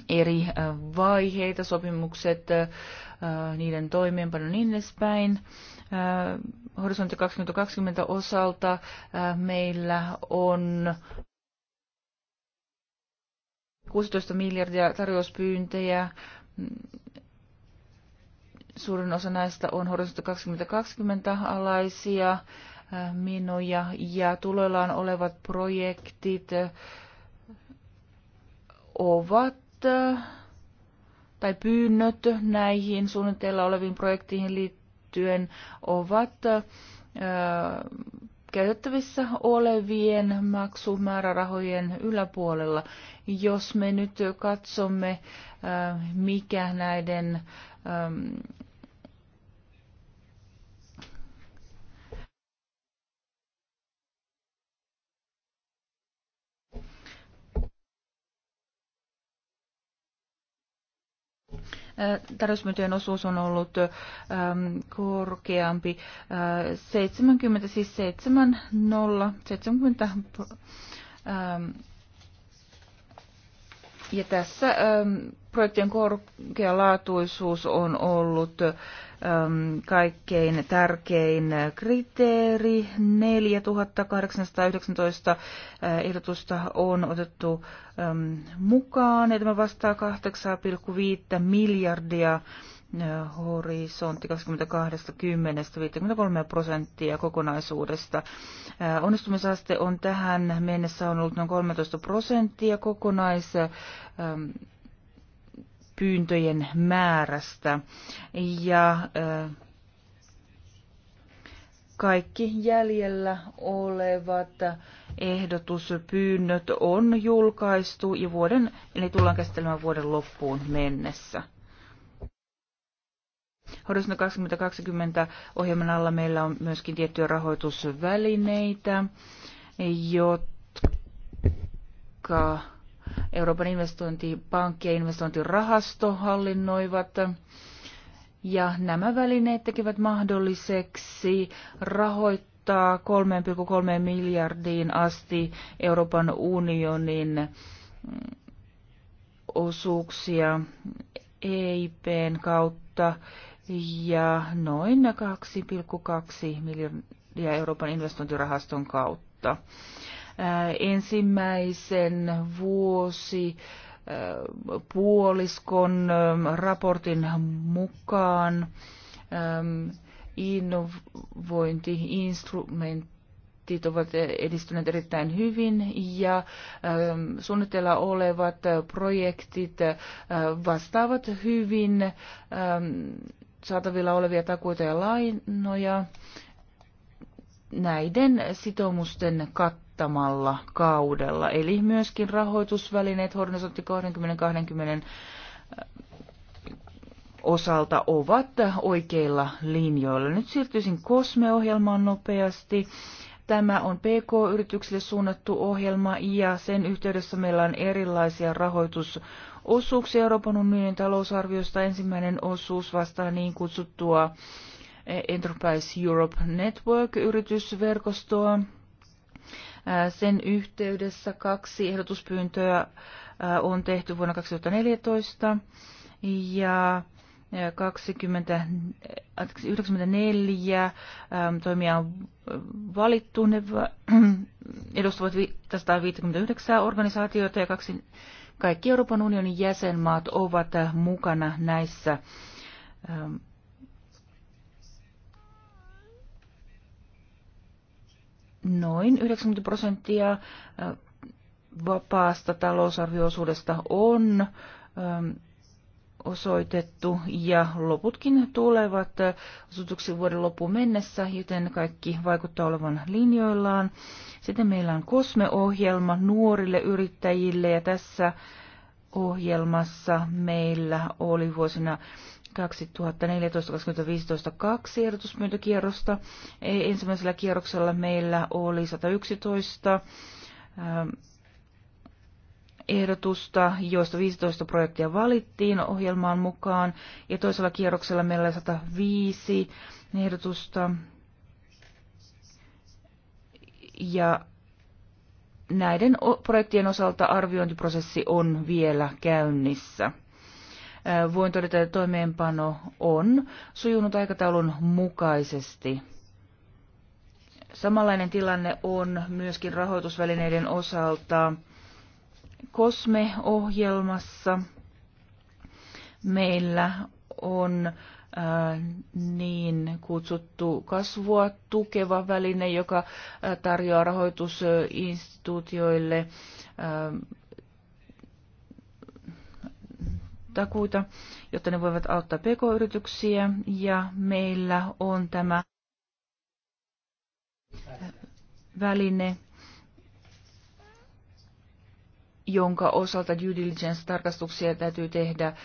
eri äh, vaiheita, sopimukset, äh, niiden toimeenpano niin edespäin. Äh, horisontti 2020 osalta meillä on 16 miljardia tarjouspyyntejä. Suurin osa näistä on horisontti 2020 alaisia minoja ja tuloillaan olevat projektit ovat tai pyynnöt näihin suunnitteilla oleviin projekteihin liittyen ovat käytettävissä olevien maksumäärärahojen yläpuolella. Jos me nyt katsomme, mikä näiden tarjousmyyntöjen osuus on ollut korkeampi. 70, siis 70, 70 ähm, ja tässä ähm, projektien korkealaatuisuus on ollut kaikkein tärkein kriteeri. 4819 äh, ehdotusta on otettu mukaan ja tämä vastaa 8,5 miljardia äh, horisontti 28 53 prosenttia kokonaisuudesta. Äh, onnistumisaste on tähän mennessä on ollut noin 13 prosenttia kokonais pyyntöjen määrästä. Ja kaikki jäljellä olevat ehdotuspyynnöt on julkaistu ja vuoden, eli tullaan käsittelemään vuoden loppuun mennessä. Horisontti 2020 ohjelman alla meillä on myöskin tiettyjä rahoitusvälineitä, jotka Euroopan investointipankki ja investointirahasto hallinnoivat. Ja nämä välineet tekevät mahdolliseksi rahoittaa 3,3 miljardiin asti Euroopan unionin mm, osuuksia EIPn kautta ja noin 2,2 miljardia Euroopan investointirahaston kautta. Äh, ensimmäisen vuosi äh, puoliskon ähm, raportin mukaan ähm, innovointiinstrumentit ovat edistyneet erittäin hyvin ja ähm, suunnitella olevat projektit äh, vastaavat hyvin saatavilla olevia takuita ja lainoja näiden sitoumusten kattoa kattamalla kaudella. Eli myöskin rahoitusvälineet horisontti 2020 äh, osalta ovat oikeilla linjoilla. Nyt siirtyisin kosmeohjelmaan nopeasti. Tämä on PK-yrityksille suunnattu ohjelma ja sen yhteydessä meillä on erilaisia rahoitusosuuksia Euroopan unionin talousarviosta. Ensimmäinen osuus vastaa niin kutsuttua Enterprise Europe Network-yritysverkostoa. Sen yhteydessä kaksi ehdotuspyyntöä on tehty vuonna 2014 ja 1994 94 toimia on valittu. Ne (clears throat) edustavat 159 organisaatiota ja kaksi, kaikki Euroopan unionin jäsenmaat ovat mukana näissä noin 90 prosenttia vapaasta talousarvioosuudesta on osoitettu ja loputkin tulevat osoituksen vuoden loppuun mennessä, joten kaikki vaikuttaa olevan linjoillaan. Sitten meillä on kosmeohjelma nuorille yrittäjille ja tässä ohjelmassa meillä oli vuosina 2014-2015 kaksi ehdotusmyyntikierrosta. E, ensimmäisellä kierroksella meillä oli 111 ähm, ehdotusta, joista 15 projektia valittiin ohjelmaan mukaan, ja toisella kierroksella meillä oli 105 ehdotusta, ja näiden projektien osalta arviointiprosessi on vielä käynnissä. Voin todeta, että toimeenpano on sujunut aikataulun mukaisesti. Samanlainen tilanne on myöskin rahoitusvälineiden osalta COSME-ohjelmassa. Meillä on niin kutsuttu kasvua tukeva väline, joka tarjoaa rahoitusinstituutioille takuita, jotta ne voivat auttaa pk-yrityksiä ja meillä on tämä väline, jonka osalta due diligence-tarkastuksia täytyy tehdä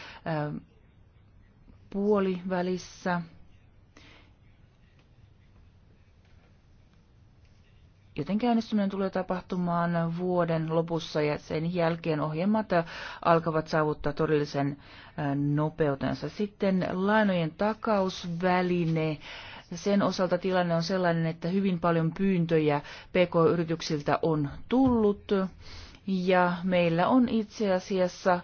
puolivälissä. joten käynnistyminen tulee tapahtumaan vuoden lopussa ja sen jälkeen ohjelmat alkavat saavuttaa todellisen nopeutensa. Sitten lainojen takausväline. Sen osalta tilanne on sellainen, että hyvin paljon pyyntöjä PK-yrityksiltä on tullut ja meillä on itse asiassa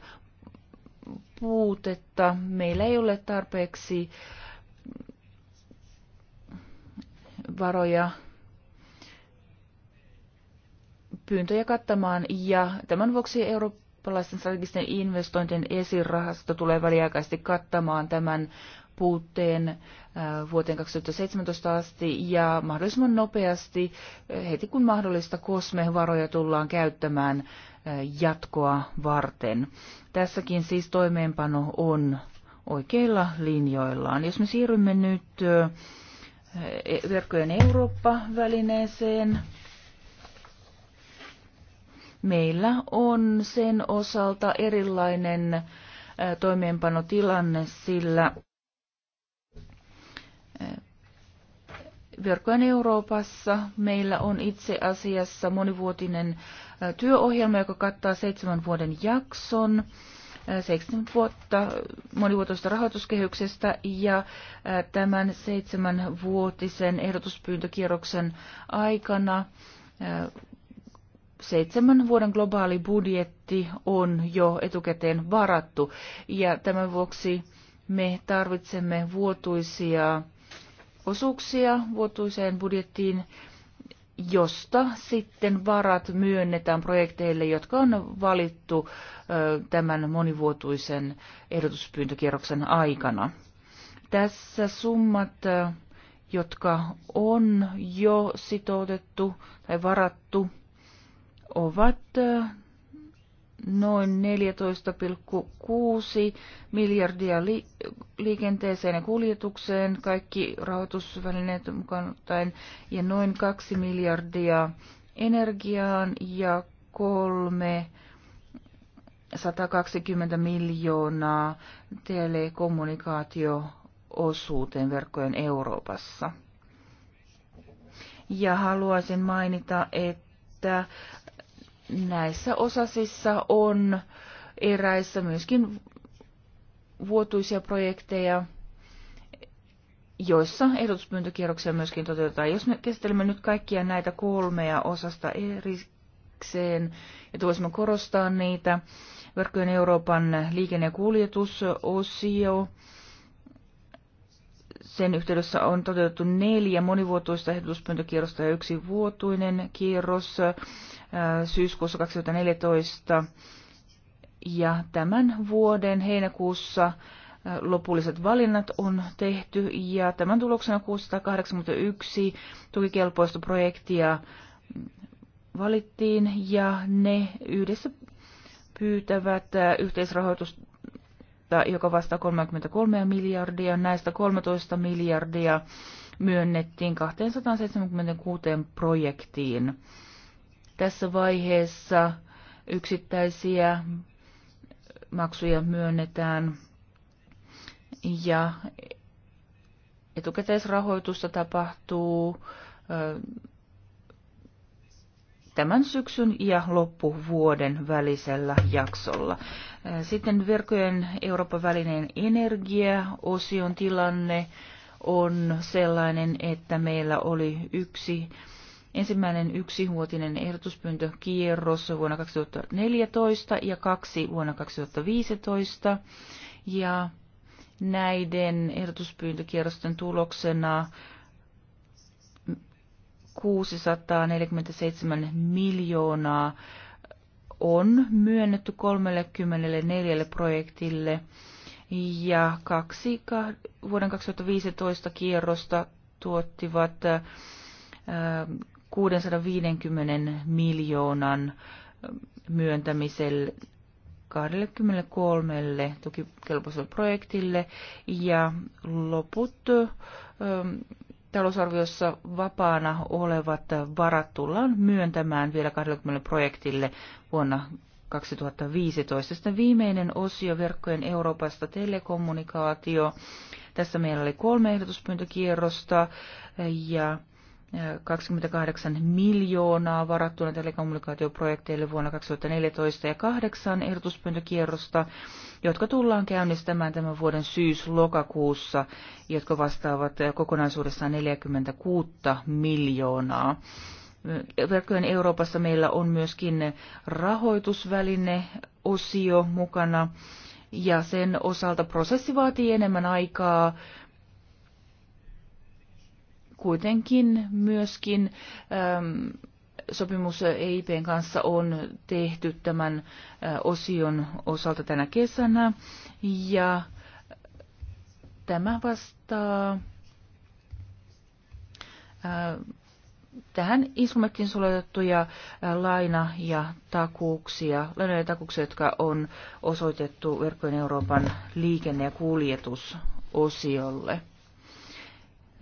puutetta. Meillä ei ole tarpeeksi varoja pyyntöjä kattamaan ja tämän vuoksi eurooppalaisten strategisten investointien esirahasto tulee väliaikaisesti kattamaan tämän puutteen äh, vuoteen 2017 asti ja mahdollisimman nopeasti, äh, heti kun mahdollista, kosmevaroja tullaan käyttämään äh, jatkoa varten. Tässäkin siis toimeenpano on oikeilla linjoillaan. Jos me siirrymme nyt verkkojen Eurooppa-välineeseen, meillä on sen osalta erilainen toimeenpanotilanne, sillä verkkojen Euroopassa meillä on itse asiassa monivuotinen työohjelma, joka kattaa seitsemän vuoden jakson. seitsemän vuotta monivuotoista rahoituskehyksestä ja tämän seitsemän vuotisen ehdotuspyyntökierroksen aikana seitsemän vuoden globaali budjetti on jo etukäteen varattu ja tämän vuoksi me tarvitsemme vuotuisia osuuksia vuotuiseen budjettiin, josta sitten varat myönnetään projekteille, jotka on valittu tämän monivuotuisen ehdotuspyyntökierroksen aikana. Tässä summat, jotka on jo sitoutettu tai varattu ovat noin 14,6 miljardia li- liikenteeseen ja kuljetukseen, kaikki rahoitusvälineet mukaan ottaen, ja noin 2 miljardia energiaan ja kolme 120 miljoonaa telekommunikaatio-osuuteen verkkojen Euroopassa. Ja haluaisin mainita, että näissä osasissa on eräissä myöskin vuotuisia projekteja, joissa ehdotuspyyntökierroksia myöskin toteutetaan. Jos me käsittelemme nyt kaikkia näitä kolmea osasta erikseen ja voisimme korostaa niitä, verkkojen Euroopan liikenne- ja kuljetusosio, sen yhteydessä on toteutettu neljä monivuotuista ehdotuspyyntökierrosta ja yksi vuotuinen kierros. Äh, syyskuussa 2014 ja tämän vuoden heinäkuussa äh, lopulliset valinnat on tehty ja tämän tuloksena 681 tukikelpoista projektia valittiin ja ne yhdessä pyytävät äh, yhteisrahoitusta, joka vastaa 33 miljardia. Näistä 13 miljardia myönnettiin 276 projektiin tässä vaiheessa yksittäisiä maksuja myönnetään ja etukäteisrahoitusta tapahtuu tämän syksyn ja loppuvuoden välisellä jaksolla. Sitten verkkojen Euroopan välinen energiaosion tilanne on sellainen, että meillä oli yksi ensimmäinen ehdotuspyyntö kierros vuonna 2014 ja kaksi vuonna 2015. Ja näiden ehdotuspyyntökierrosten tuloksena 647 miljoonaa on myönnetty 34 projektille ja kaksi vuoden 2015 kierrosta tuottivat 650 miljoonan myöntämiselle 23 tukikelpoiselle projektille ja loput ähm, talousarviossa vapaana olevat varat tullaan myöntämään vielä 20 projektille vuonna 2015. Sitten viimeinen osio verkkojen Euroopasta telekommunikaatio. Tässä meillä oli kolme ehdotuspyyntökierrosta ja 28 miljoonaa varattuna telekommunikaatioprojekteille vuonna 2014 ja kahdeksan ehdotuspyyntökierrosta, jotka tullaan käynnistämään tämän vuoden syys-lokakuussa, jotka vastaavat kokonaisuudessaan 46 miljoonaa. Verkkojen Euroopassa meillä on myöskin rahoitusväline-osio mukana, ja sen osalta prosessi vaatii enemmän aikaa, kuitenkin myöskin äm, sopimus EIPn kanssa on tehty tämän äh, osion osalta tänä kesänä ja äh, tämä vastaa äh, tähän instrumenttiin suljetettuja laina- ja takuuksia, laina- ja takuuksia, jotka on osoitettu verkkojen Euroopan liikenne- ja kuljetusosiolle.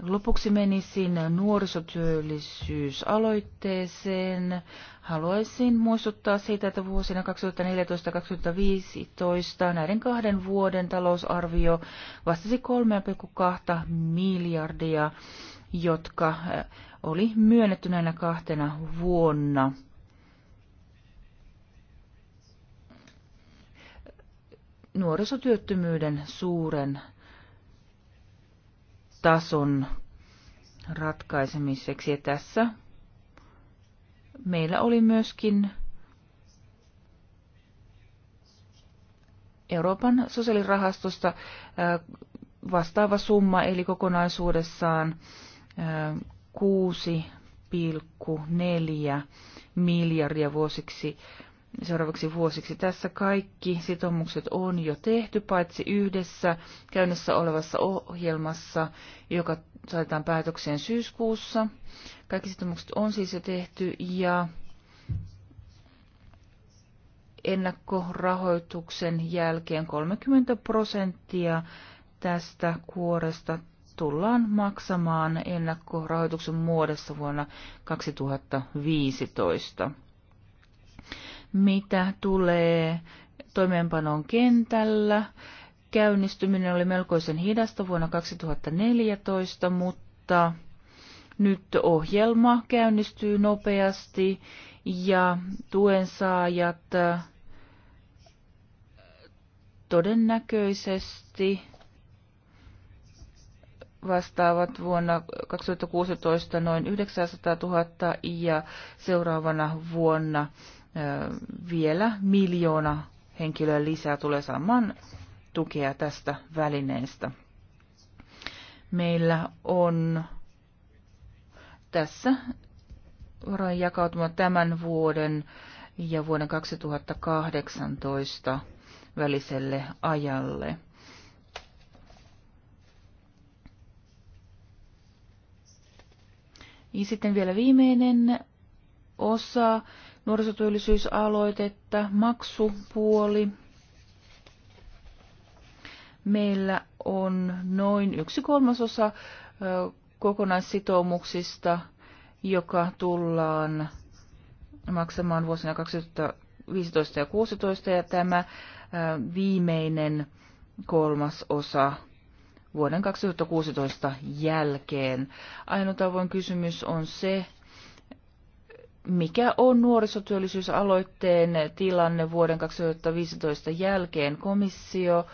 Lopuksi menisin nuorisotyöllisyysaloitteeseen. Haluaisin muistuttaa siitä, että vuosina 2014-2015 näiden kahden vuoden talousarvio vastasi 3,2 miljardia, jotka eh, oli myönnetty näinä kahtena vuonna. nuorisotyöttömyyden suuren tason ratkaisemiseksi. Ja tässä meillä oli myöskin Euroopan sosiaalirahastosta äh, vastaava summa, eli kokonaisuudessaan 6,4 äh, miljardia vuosiksi seuraavaksi vuosiksi. Tässä kaikki sitoumukset on jo tehty, paitsi yhdessä käynnissä olevassa ohjelmassa, joka saadaan päätökseen syyskuussa. Kaikki sitoumukset on siis jo tehty ja ennakkorahoituksen jälkeen 30 prosenttia tästä kuoresta tullaan maksamaan ennakkorahoituksen muodossa vuonna 2015 mitä tulee toimeenpanon kentällä. Käynnistyminen oli melkoisen hidasta vuonna 2014, mutta nyt ohjelma käynnistyy nopeasti ja tuen saajat äh, todennäköisesti vastaavat vuonna 2016 noin 900 000 ja seuraavana vuonna vielä miljoona henkilöä lisää tulee saamaan tukea tästä välineestä. Meillä on tässä varojen jakautuma tämän vuoden ja vuoden 2018 väliselle ajalle. Ja sitten vielä viimeinen osa nuorisotyöllisyysaloitetta, maksupuoli. Meillä on noin yksi kolmasosa kokonaissitoumuksista, joka tullaan maksamaan vuosina 2015 ja 2016 ja tämä viimeinen kolmas osa vuoden 2016 jälkeen. Ainoa tavoin kysymys on se, mikä on nuorisotyöllisyysaloitteen tilanne vuoden 2015 jälkeen. Komissio äh,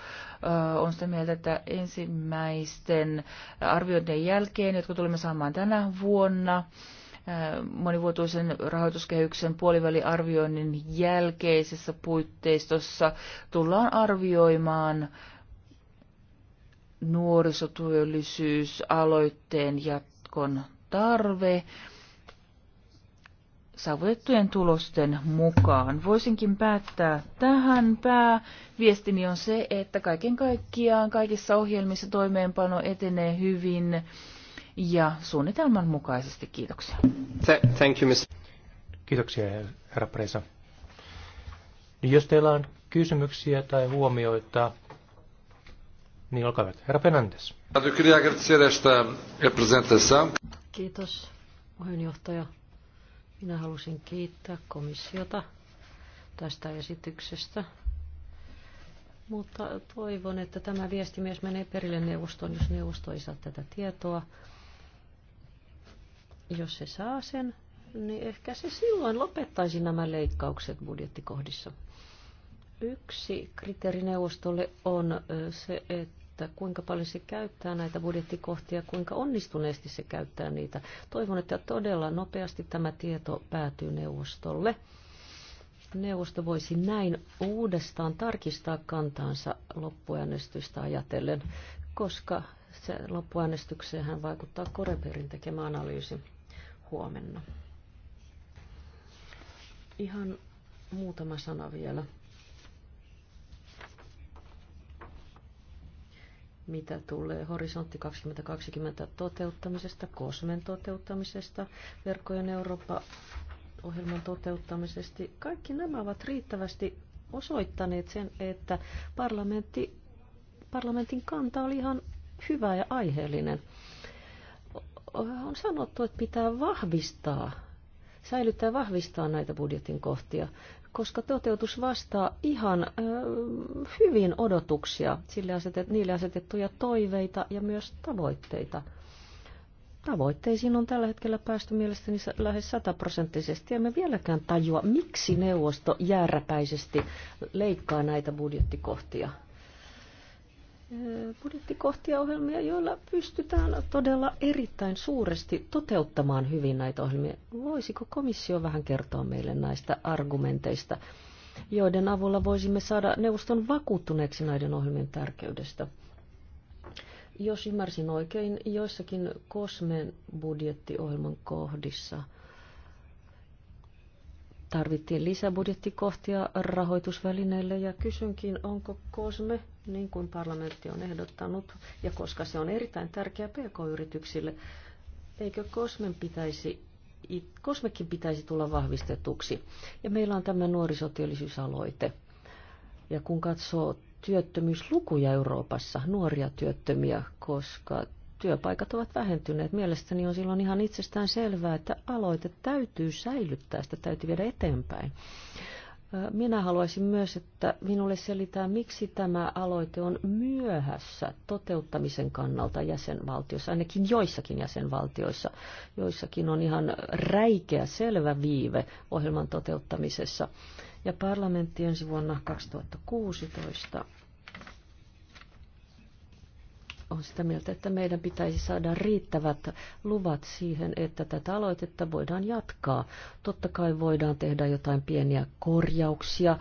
on sitä mieltä, että ensimmäisten arviointien jälkeen, jotka tulemme saamaan tänä vuonna, äh, monivuotuisen rahoituskehyksen puoliväliarvioinnin jälkeisessä puitteistossa tullaan arvioimaan nuorisotyöllisyysaloitteen jatkon tarve saavutettujen tulosten mukaan. Voisinkin päättää tähän pää. Viestini on se, että kaiken kaikkiaan kaikissa ohjelmissa toimeenpano etenee hyvin ja suunnitelman mukaisesti. Kiitoksia. Thank you, miss. Kiitoksia, herra Presa. Niin jos teillä on kysymyksiä tai huomioita, niin olkaa hyvä. Herra Fernandes. Kiitos, puheenjohtaja. Minä halusin kiittää komissiota tästä esityksestä, mutta toivon, että tämä viesti myös menee perille neuvostoon, jos neuvosto ei saa tätä tietoa. Jos se saa sen, niin ehkä se silloin lopettaisi nämä leikkaukset budjettikohdissa. Yksi kriteeri neuvostolle on se, että että kuinka paljon se käyttää näitä budjettikohtia, kuinka onnistuneesti se käyttää niitä. Toivon, että todella nopeasti tämä tieto päätyy neuvostolle. Neuvosto voisi näin uudestaan tarkistaa kantaansa loppuäänestystä ajatellen, koska se loppuäänestykseen hän vaikuttaa Koreperin tekemä analyysi huomenna. Ihan muutama sana vielä mitä tulee horisontti 2020 toteuttamisesta, Kosmen toteuttamisesta, verkkojen Eurooppa-ohjelman toteuttamisesta. Kaikki nämä ovat riittävästi osoittaneet sen, että parlamentti, parlamentin kanta oli ihan hyvä ja aiheellinen. On sanottu, että pitää vahvistaa, säilyttää vahvistaa näitä budjetin kohtia koska toteutus vastaa ihan ö, hyvin odotuksia, sille asetet, niille asetettuja toiveita ja myös tavoitteita. Tavoitteisiin on tällä hetkellä päästy mielestäni lähes sataprosenttisesti. Emme vieläkään tajua, miksi neuvosto jääräpäisesti leikkaa näitä budjettikohtia budjettikohtia ohjelmia, joilla pystytään todella erittäin suuresti toteuttamaan hyvin näitä ohjelmia. Voisiko komissio vähän kertoa meille näistä argumenteista, joiden avulla voisimme saada neuvoston vakuuttuneeksi näiden ohjelmien tärkeydestä? Jos ymmärsin oikein, joissakin Kosmen budjettiohjelman kohdissa – Tarvittiin lisäbudjettikohtia rahoitusvälineille ja kysynkin, onko COSME, niin kuin parlamentti on ehdottanut, ja koska se on erittäin tärkeä PK-yrityksille, eikö COSMEn pitäisi, Kosmekin pitäisi tulla vahvistetuksi. Ja meillä on tämä nuorisotyöllisyysaloite. Ja kun katsoo työttömyyslukuja Euroopassa, nuoria työttömiä, koska työpaikat ovat vähentyneet. Mielestäni on silloin ihan itsestään selvää, että aloite täytyy säilyttää, sitä täytyy viedä eteenpäin. Minä haluaisin myös, että minulle selitään, miksi tämä aloite on myöhässä toteuttamisen kannalta jäsenvaltiossa, ainakin joissakin jäsenvaltioissa. Joissakin on ihan räikeä, selvä viive ohjelman toteuttamisessa. Ja parlamentti ensi vuonna 2016 on sitä mieltä, että meidän pitäisi saada riittävät luvat siihen, että tätä aloitetta voidaan jatkaa. Totta kai voidaan tehdä jotain pieniä korjauksia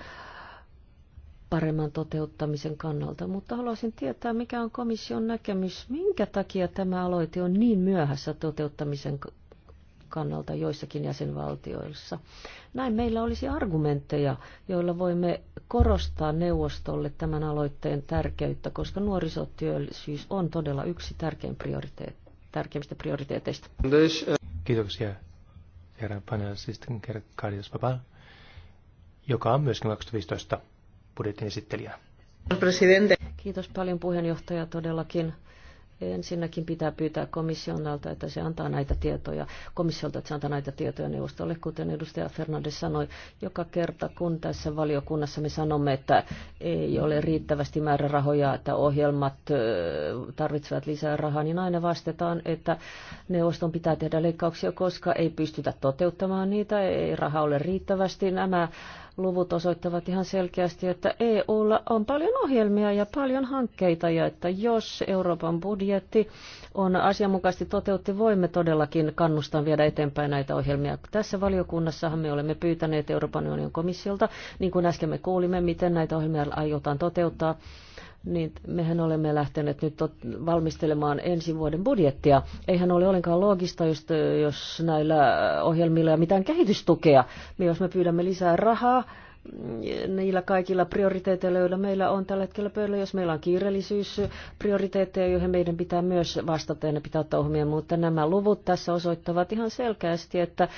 paremman toteuttamisen kannalta, mutta haluaisin tietää, mikä on komission näkemys, minkä takia tämä aloite on niin myöhässä toteuttamisen kannalta joissakin jäsenvaltioissa. Näin meillä olisi argumentteja, joilla voimme korostaa neuvostolle tämän aloitteen tärkeyttä, koska nuorisotyöllisyys on todella yksi tärkein prioriteet, tärkeimmistä prioriteeteista. Kiitoksia, herra panelistin Kardios Papa, joka on myöskin 2015 budjetin esittelijä. Kiitos paljon puheenjohtaja todellakin Ensinnäkin pitää pyytää komissionalta, että se antaa näitä tietoja, komissiolta, että se antaa näitä tietoja neuvostolle, kuten edustaja Fernandes sanoi. Joka kerta, kun tässä valiokunnassa me sanomme, että ei ole riittävästi määrärahoja, että ohjelmat tarvitsevat lisää rahaa, niin aina vastataan, että neuvoston pitää tehdä leikkauksia, koska ei pystytä toteuttamaan niitä, ei raha ole riittävästi. Nämä luvut osoittavat ihan selkeästi, että EUlla on paljon ohjelmia ja paljon hankkeita ja että jos Euroopan budjetti budjetti on asianmukaisesti toteutti, voimme todellakin kannustaa viedä eteenpäin näitä ohjelmia. Tässä valiokunnassahan me olemme pyytäneet Euroopan unionin komissiolta, niin kuin äsken me kuulimme, miten näitä ohjelmia aiotaan toteuttaa niin mehän olemme lähteneet nyt valmistelemaan ensi vuoden budjettia. Eihän ole ollenkaan loogista, jos, jos näillä ohjelmilla ei mitään kehitystukea. Me, jos me pyydämme lisää rahaa, niillä kaikilla prioriteeteilla, joilla meillä on tällä hetkellä pöydällä, jos meillä on kiireellisyys, prioriteetteja, joihin meidän pitää myös vastata ja ne pitää ottaa huomioon, mutta nämä luvut tässä osoittavat ihan selkeästi, että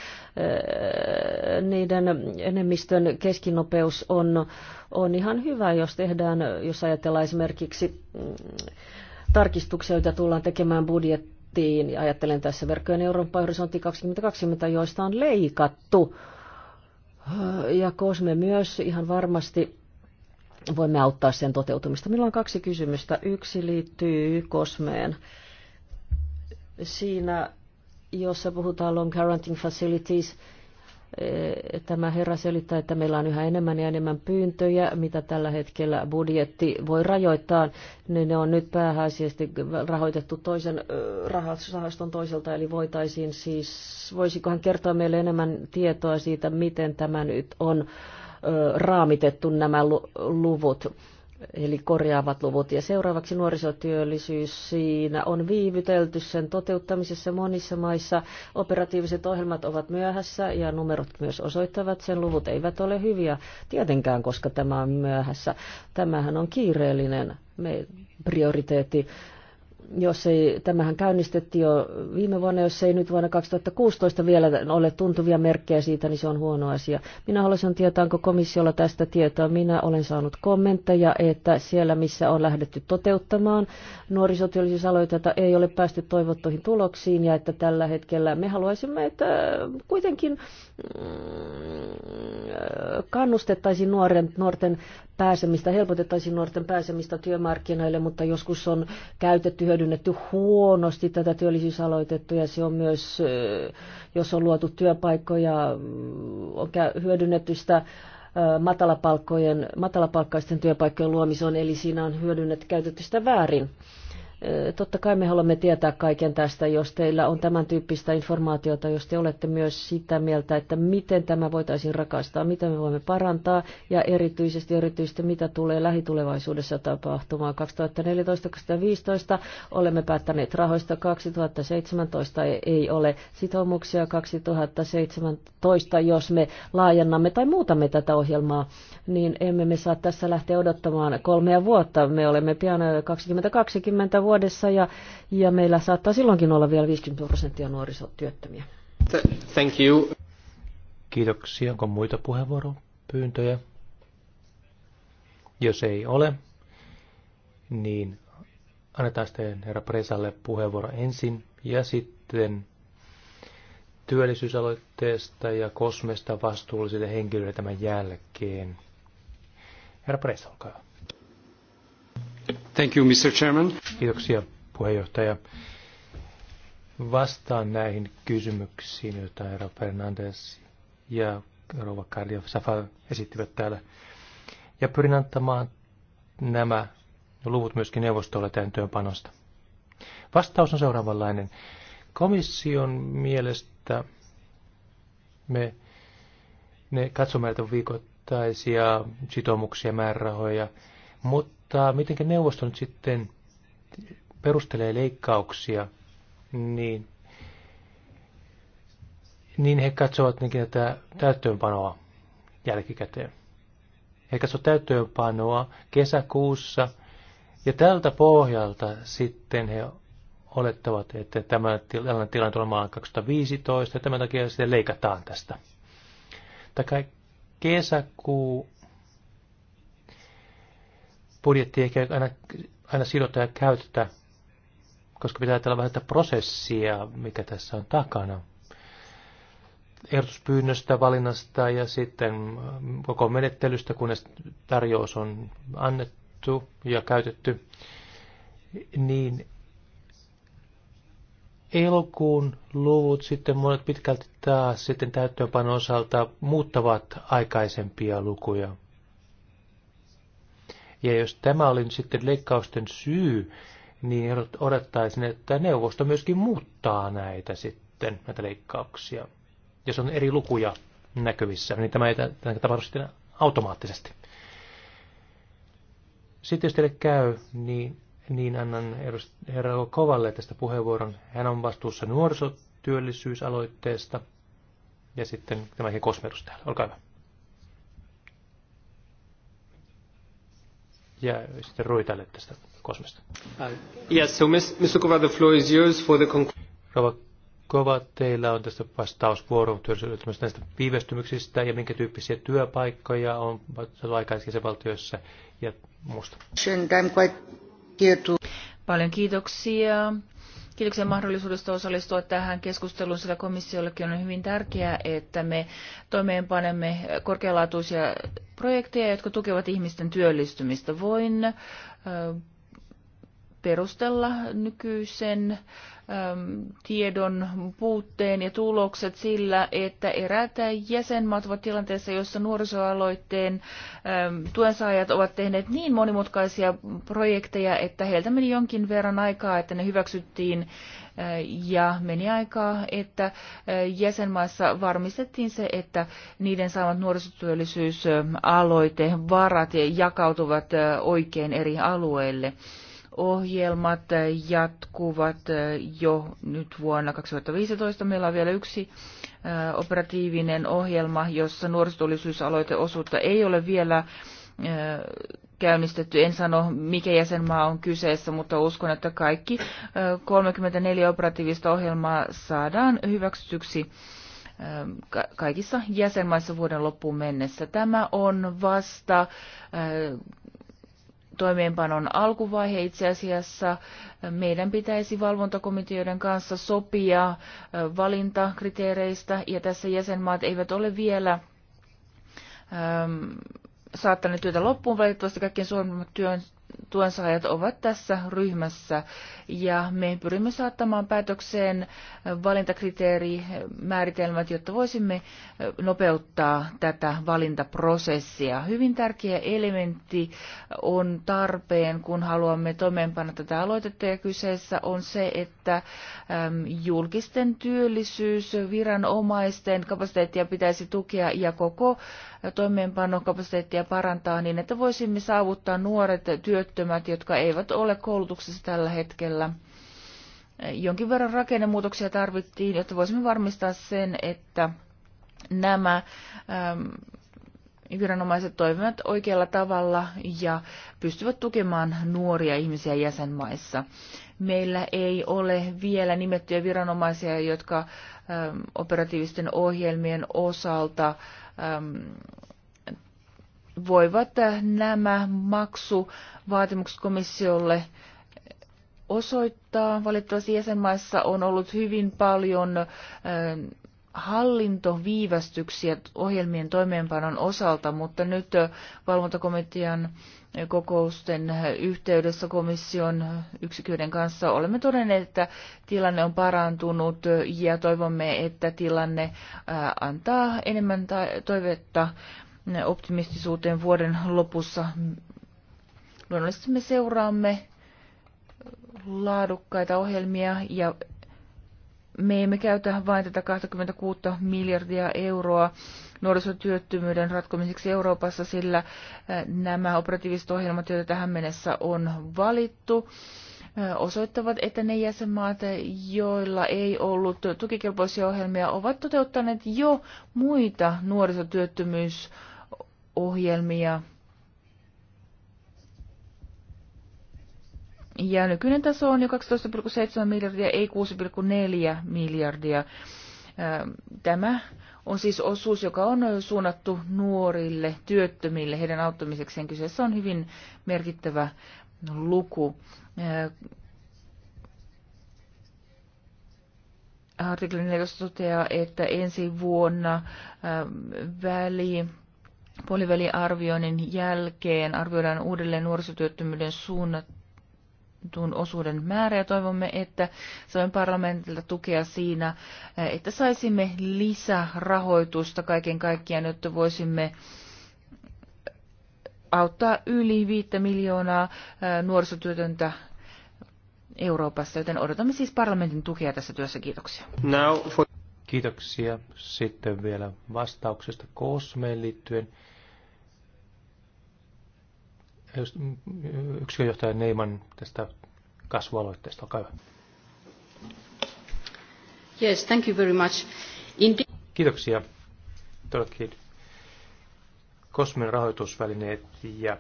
niiden enemmistön keskinopeus on, on ihan hyvä, jos tehdään, jos ajatellaan esimerkiksi mm, tarkistuksia, joita tullaan tekemään budjettiin, ajattelen tässä verkkojen Euroopan horisontti 2020, joista on leikattu Äh, ja Kosme myös ihan varmasti voimme auttaa sen toteutumista. Meillä on kaksi kysymystä. Yksi liittyy Kosmeen. Siinä, jossa puhutaan Long Guaranteeing Facilities – Eh, tämä herra selittää, että meillä on yhä enemmän ja enemmän pyyntöjä, mitä tällä hetkellä budjetti voi rajoittaa. Ne on nyt pääasiassa rahoitettu toisen eh, rahaston toiselta, eli voitaisiin siis, voisikohan kertoa meille enemmän tietoa siitä, miten tämä nyt on eh, raamitettu nämä luvut eli korjaavat luvut. Ja seuraavaksi nuorisotyöllisyys. Siinä on viivytelty sen toteuttamisessa monissa maissa. Operatiiviset ohjelmat ovat myöhässä ja numerot myös osoittavat sen. Luvut eivät ole hyviä tietenkään, koska tämä on myöhässä. Tämähän on kiireellinen me prioriteetti jos ei, tämähän käynnistettiin jo viime vuonna, jos ei nyt vuonna 2016 vielä ole tuntuvia merkkejä siitä, niin se on huono asia. Minä haluaisin tietää, onko komissiolla tästä tietoa. Minä olen saanut kommentteja, että siellä missä on lähdetty toteuttamaan nuorisotyöllisyysaloitetta ei ole päästy toivottuihin tuloksiin ja että tällä hetkellä me haluaisimme, että kuitenkin mm, kannustettaisiin nuoren, nuorten pääsemistä, helpotettaisiin nuorten pääsemistä työmarkkinoille, mutta joskus on käytetty hyödynnetty huonosti tätä työllisyysaloitetta ja se on myös, jos on luotu työpaikkoja, mm, on hyödynnetty sitä matalapalkkojen, matalapalkkaisten työpaikkojen luomiseen, eli siinä on hyödynnetty, käytetty sitä väärin. Totta kai me haluamme tietää kaiken tästä, jos teillä on tämän tyyppistä informaatiota, jos te olette myös sitä mieltä, että miten tämä voitaisiin rakastaa, mitä me voimme parantaa ja erityisesti, erityisesti mitä tulee lähitulevaisuudessa tapahtumaan. 2014-2015 olemme päättäneet rahoista, 2017 ei ole sitoumuksia, 2017 jos me laajennamme tai muutamme tätä ohjelmaa, niin emme me saa tässä lähteä odottamaan kolmea vuotta. Me olemme pian 2020 vuotta vuodessa ja, ja meillä saattaa silloinkin olla vielä 50 prosenttia nuorisotyöttömiä. Thank you. Kiitoksia. Onko muita puheenvuoropyyntöjä? Jos ei ole, niin annetaan sitten herra Presalle puheenvuoro ensin ja sitten työllisyysaloitteesta ja kosmesta vastuullisille henkilöille tämän jälkeen. Herra Presa, olkaa Thank you, Mr. Chairman. Kiitoksia, puheenjohtaja. Vastaan näihin kysymyksiin, joita herra Fernandes ja rouva Karja Safar esittivät täällä. Ja pyrin antamaan nämä luvut myöskin neuvostolle tämän työpanosta. Vastaus on seuraavanlainen. Komission mielestä me ne katsomme on viikoittaisia sitoumuksia, määrärahoja, mutta mutta miten neuvosto nyt sitten perustelee leikkauksia, niin, niin he katsovat niinkin tätä täyttöönpanoa jälkikäteen. He katsovat täyttöönpanoa kesäkuussa, ja tältä pohjalta sitten he olettavat, että tämä tilanne tulee 2015, ja tämän takia sitten leikataan tästä. Tämä kesäkuu budjetti ehkä aina, aina sidota ja käytetä, koska pitää ajatella vähän tätä prosessia, mikä tässä on takana. Ehdotuspyynnöstä, valinnasta ja sitten koko menettelystä, kunnes tarjous on annettu ja käytetty, niin elokuun luvut sitten monet pitkälti taas sitten täyttöönpanon osalta muuttavat aikaisempia lukuja ja jos tämä oli sitten leikkausten syy, niin odottaisin, että neuvosto myöskin muuttaa näitä sitten, näitä leikkauksia. Jos on eri lukuja näkyvissä, niin tämä ei tapahdu sitten automaattisesti. Sitten jos teille käy, niin, niin annan herra Kovalle tästä puheenvuoron. Hän on vastuussa nuorisotyöllisyysaloitteesta ja sitten tämäkin kosmerus täällä. Olkaa hyvä. ja sitten Ruitalle tästä kosmesta. Uh, yes, so Mr. Kova, the floor is yours for the Rova Kova, teillä on tästä vastausvuoro näistä viivästymyksistä ja minkä tyyppisiä työpaikkoja on saatu valtioissa ja muusta. Paljon kiitoksia. Kiitoksia mahdollisuudesta osallistua tähän keskusteluun, sillä komissiollekin on hyvin tärkeää, että me toimeenpanemme korkealaatuisia projekteja, jotka tukevat ihmisten työllistymistä. Voin perustella nykyisen äh, tiedon puutteen ja tulokset sillä, että eräät jäsenmaat ovat tilanteessa, jossa nuorisoaloitteen tuensaajat ovat tehneet niin monimutkaisia projekteja, että heiltä meni jonkin verran aikaa, että ne hyväksyttiin ja meni aikaa, että jäsenmaissa varmistettiin se, että niiden saamat varat jakautuvat oikein eri alueille ohjelmat jatkuvat jo nyt vuonna 2015. Meillä on vielä yksi äh, operatiivinen ohjelma, jossa nuorisotollisuusaloiteosuutta ei ole vielä äh, käynnistetty. En sano, mikä jäsenmaa on kyseessä, mutta uskon, että kaikki 34 äh, operatiivista ohjelmaa saadaan hyväksytyksi kaikissa jäsenmaissa vuoden loppuun mennessä. Tämä on vasta toimeenpanon alkuvaihe itse asiassa. Meidän pitäisi valvontakomiteoiden kanssa sopia valintakriteereistä, ja tässä jäsenmaat eivät ole vielä saattaneet työtä loppuun. Valitettavasti kaikkien suurimmat työn tuensaajat ovat tässä ryhmässä ja me pyrimme saattamaan päätökseen valintakriteerimääritelmät, jotta voisimme nopeuttaa tätä valintaprosessia. Hyvin tärkeä elementti on tarpeen, kun haluamme toimeenpanna tätä aloitetta ja kyseessä on se, että julkisten viranomaisten kapasiteettia pitäisi tukea ja koko toimeenpanokapasiteettia parantaa niin, että voisimme saavuttaa nuoret työttömät, jotka eivät ole koulutuksessa tällä hetkellä. Jonkin verran rakennemuutoksia tarvittiin, jotta voisimme varmistaa sen, että nämä ähm, viranomaiset toimivat oikealla tavalla ja pystyvät tukemaan nuoria ihmisiä jäsenmaissa. Meillä ei ole vielä nimettyjä viranomaisia, jotka ähm, operatiivisten ohjelmien osalta ähm, voivat äh, nämä maksuvaatimukset komissiolle osoittaa. Valitettavasti jäsenmaissa on ollut hyvin paljon ähm, hallintoviivästyksiä ohjelmien toimeenpanon osalta, mutta nyt valvontakomitean kokousten yhteydessä komission yksiköiden kanssa olemme todenneet, että tilanne on parantunut ja toivomme, että tilanne antaa enemmän toivetta optimistisuuteen vuoden lopussa. Luonnollisesti me seuraamme laadukkaita ohjelmia ja me emme käytä vain tätä 26 miljardia euroa nuorisotyöttömyyden ratkomiseksi Euroopassa, sillä eh, nämä operatiiviset ohjelmat, joita tähän mennessä on valittu, eh, osoittavat, että ne jäsenmaat, joilla ei ollut tukikelpoisia ohjelmia, ovat toteuttaneet jo muita nuorisotyöttömyysohjelmia Ja nykyinen taso on jo 12,7 miljardia, ei 6,4 miljardia. Ähm, tämä on siis osuus, joka on suunnattu nuorille, työttömille, heidän auttamisekseen. Kyseessä on hyvin merkittävä luku. Äh, Artikli 14 toteaa, että ensi vuonna ähm, väli puoliväliarvioinnin jälkeen arvioidaan uudelleen nuorisotyöttömyyden suunnat, tuon osuuden määrä ja toivomme, että Suomen parlamentilta tukea siinä, että saisimme lisärahoitusta kaiken kaikkiaan, jotta voisimme auttaa yli 5 miljoonaa nuorisotyötöntä Euroopassa, joten odotamme siis parlamentin tukea tässä työssä. Kiitoksia. Now for... Kiitoksia sitten vielä vastauksesta koosmeen liittyen. Mm, yksikönjohtaja Neiman tästä kasvualoitteesta. Olkaa hyvä. Yes, thank you very much. In... Kiitoksia. Todellakin kosmin rahoitusvälineet ja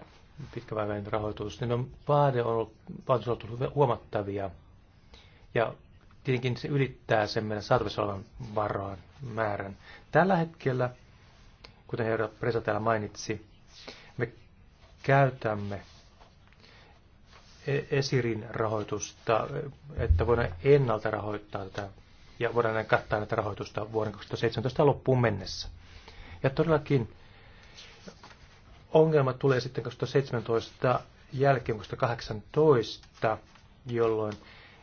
pitkäväivän rahoitus, niin on vaade on ollut, vaade on ollut huomattavia. Ja tietenkin se ylittää sen meidän saatavissa olevan määrän. Tällä hetkellä, kuten herra Presa täällä mainitsi, käytämme e- esirin rahoitusta, että voidaan ennalta rahoittaa tätä ja voidaan näin kattaa näitä rahoitusta vuoden 2017 loppuun mennessä. Ja todellakin ongelma tulee sitten 2017 jälkeen 2018, jolloin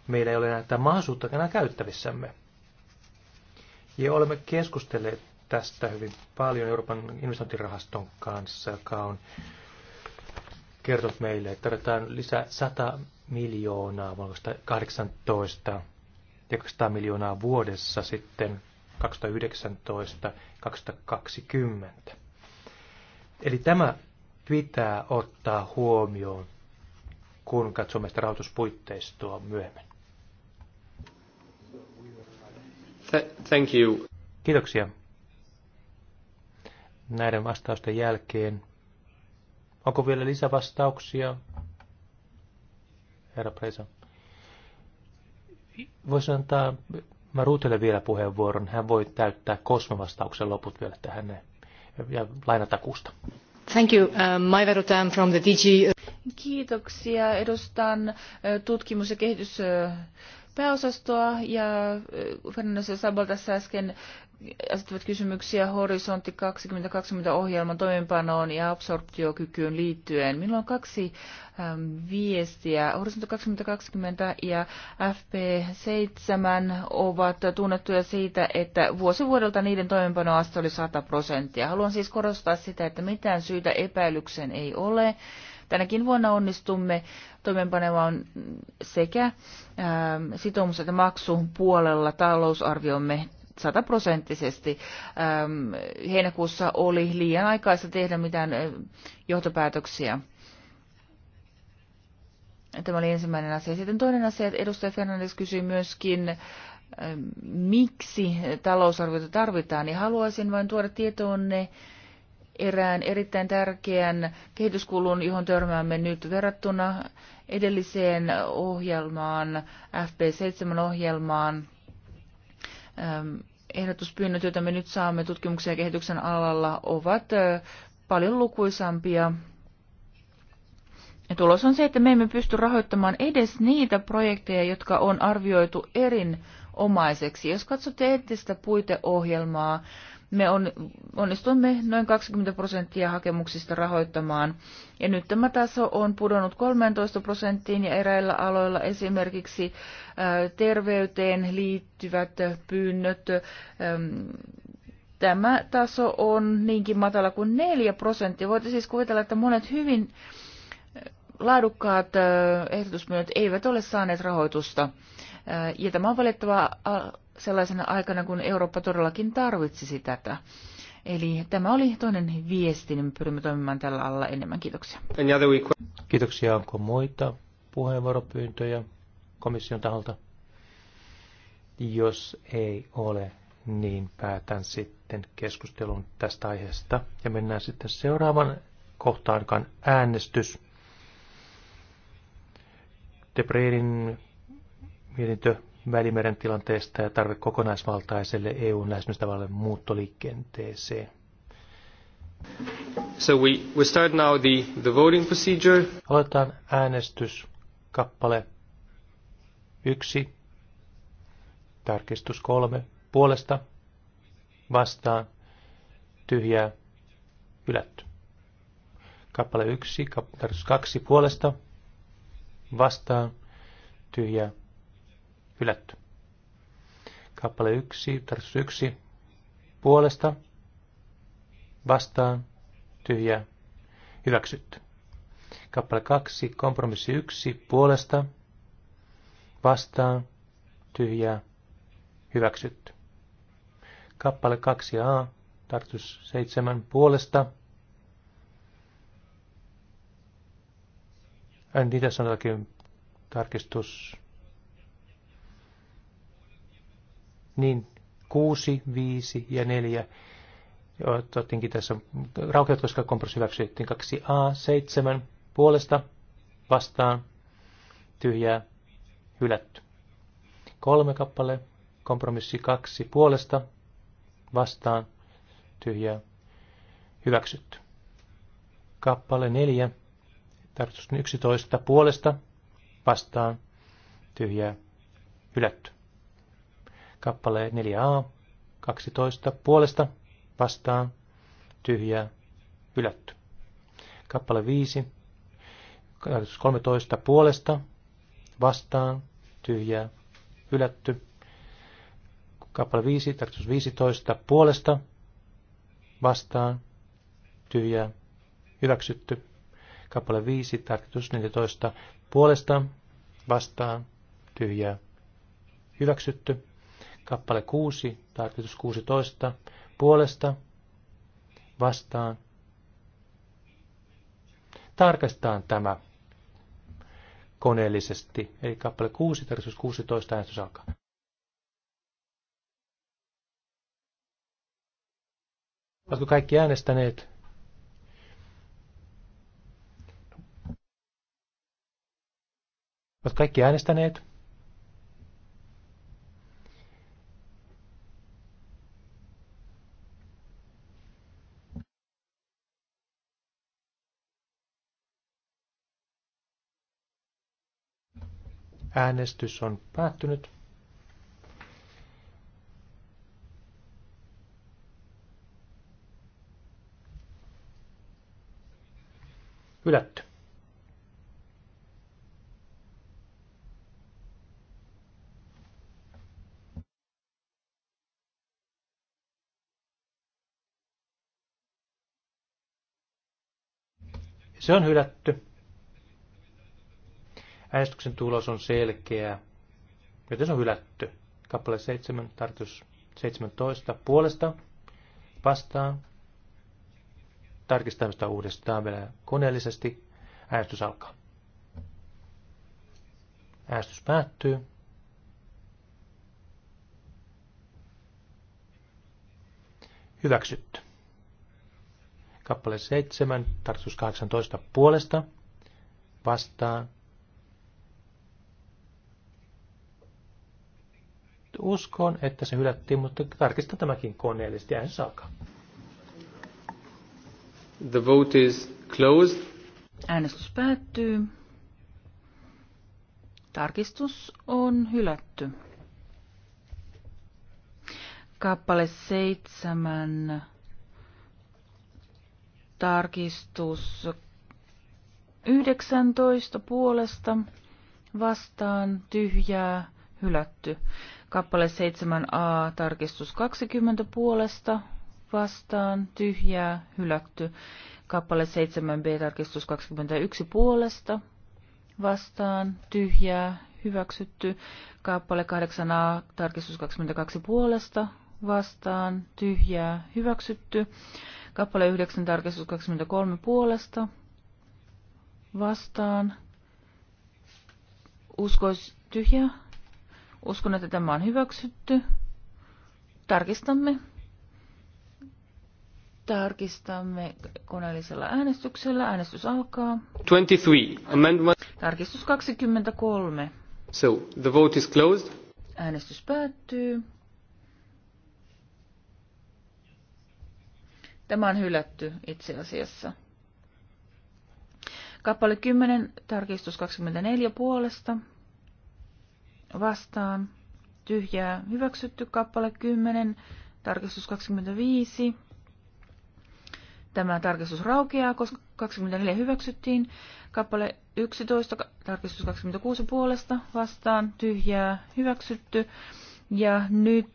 meillä ei ole enää tätä mahdollisuutta enää käyttävissämme. Ja olemme keskustelleet tästä hyvin paljon Euroopan investointirahaston kanssa, joka on kertonut meille, että tarvitaan lisää 100 miljoonaa vuonna 18 ja 200 miljoonaa vuodessa sitten 2019-2020. Eli tämä pitää ottaa huomioon, kun katsomme sitä rahoituspuitteistoa myöhemmin. Thank you. Kiitoksia. Näiden vastausten jälkeen Onko vielä lisävastauksia? Herra Preisa. Voisi antaa Marutelle vielä puheenvuoron. Hän voi täyttää kosmovastauksen loput vielä tähän ja lainatakuusta. Thank you. Uh, Mai my from the DG. Kiitoksia. Edustan uh, tutkimus- ja kehitys pääosastoa ja uh, Fernando Sabal tässä äsken asettavat kysymyksiä Horisontti 2020 ohjelman toimeenpanoon ja absorptiokykyyn liittyen. Minulla on kaksi äm, viestiä. Horisontti 2020 ja FP7 ovat tunnettuja siitä, että vuosi vuodelta niiden toimeenpanoaste oli 100 prosenttia. Haluan siis korostaa sitä, että mitään syytä epäilykseen ei ole. Tänäkin vuonna onnistumme toimeenpanemaan sekä ähm, sitoumus- että maksupuolella talousarviomme sataprosenttisesti. Ähm, heinäkuussa oli liian aikaista tehdä mitään äh, johtopäätöksiä. Tämä oli ensimmäinen asia. Sitten toinen asia, että edustaja Fernandes kysyi myöskin, äh, miksi talousarviota tarvitaan, niin haluaisin vain tuoda tietoonne erään erittäin tärkeän kehityskulun, johon törmäämme nyt verrattuna edelliseen ohjelmaan, FP7-ohjelmaan ehdotuspyynnöt, joita me nyt saamme tutkimuksen ja kehityksen alalla, ovat paljon lukuisampia. Ja tulos on se, että me emme pysty rahoittamaan edes niitä projekteja, jotka on arvioitu erinomaiseksi. Jos katsotte entistä puiteohjelmaa, me on, onnistuimme noin 20 prosenttia hakemuksista rahoittamaan. Ja nyt tämä taso on pudonnut 13 prosenttiin ja eräillä aloilla esimerkiksi terveyteen liittyvät pyynnöt. Tämä taso on niinkin matala kuin 4 prosenttia. Voitte siis kuvitella, että monet hyvin laadukkaat ehdotusmyynnöt eivät ole saaneet rahoitusta. Ja tämä on valitettava sellaisena aikana, kun Eurooppa todellakin tarvitsisi tätä. Eli tämä oli toinen viesti, niin me pyrimme toimimaan tällä alalla enemmän. Kiitoksia. Kiitoksia. Onko muita puheenvuoropyyntöjä komission taholta? Jos ei ole, niin päätän sitten keskustelun tästä aiheesta ja mennään sitten seuraavan kohtaan, äänestys. Debreerin mietintö Välimeren tilanteesta ja tarve kokonaisvaltaiselle EUn lähestymistavalle muuttoliikenteeseen. So we, we start now the, the voting procedure. Aloitetaan äänestys kappale 1, tarkistus 3. puolesta, vastaan, tyhjää, hylätty. Kappale 1. tarkistus 2. puolesta, vastaan, tyhjää, hylätty. Kappale 1, tarkoitus 1, puolesta, vastaan, tyhjä, hyväksytty. Kappale 2, kompromissi 1, puolesta, vastaan, tyhjä, hyväksytty. Kappale 2a, tarkoitus 7, puolesta, en tiedä sanotakin tarkistus niin 6, 5 ja 4 ottiinkin tässä raukeat, koska kompressi hyväksyttiin 2a, 7 puolesta vastaan tyhjää hylätty. Kolme kappale, kompromissi 2 puolesta vastaan tyhjää hyväksytty. Kappale 4, tarkoitus 11 puolesta vastaan tyhjää hylätty kappale 4a, 12, puolesta, vastaan, tyhjää, hylätty. Kappale 5, 13, puolesta, vastaan, tyhjää, hylätty. Kappale 5, 15, puolesta, vastaan, tyhjää, hyväksytty. Kappale 5, tarkoitus 14, puolesta, vastaan, tyhjää, hyväksytty Kappale 6, tarkoitus 16, puolesta, vastaan. Tarkastetaan tämä koneellisesti, eli kappale 6, tarkoitus 16, äänestys alkaa. Oletko kaikki äänestäneet? Oletko kaikki äänestäneet? Äänestys on päättynyt. Hylätty. Se on hylätty. Äänestyksen tulos on selkeä, joten se on hylätty. Kappale 7, tarkistus 17 puolesta vastaan. Tarkistamista uudestaan vielä koneellisesti. Äänestys alkaa. Äänestys päättyy. Hyväksytty. Kappale 7, tarkistus 18 puolesta vastaan uskon, että se hylättiin, mutta tarkistan tämäkin koneellisesti äänestys alkaa. The vote is closed. Äänestys päättyy. Tarkistus on hylätty. Kappale seitsemän. Tarkistus 19 puolesta vastaan tyhjää hylätty kappale 7a, tarkistus 20 puolesta vastaan, tyhjää, hylätty. Kappale 7b, tarkistus 21 puolesta vastaan, tyhjää, hyväksytty. Kappale 8a, tarkistus 22 puolesta vastaan, tyhjää, hyväksytty. Kappale 9, tarkistus 23 puolesta vastaan, uskois tyhjää, Uskon, että tämä on hyväksytty. Tarkistamme. Tarkistamme koneellisella äänestyksellä. Äänestys alkaa. 23. Amendment. Tarkistus 23. So, the vote is closed. Äänestys päättyy. Tämä on hylätty itse asiassa. Kappale 10, tarkistus 24 puolesta vastaan tyhjää hyväksytty kappale 10, tarkistus 25. Tämä tarkistus raukeaa, koska 24 hyväksyttiin. Kappale 11, tarkistus 26 puolesta vastaan tyhjää hyväksytty. Ja nyt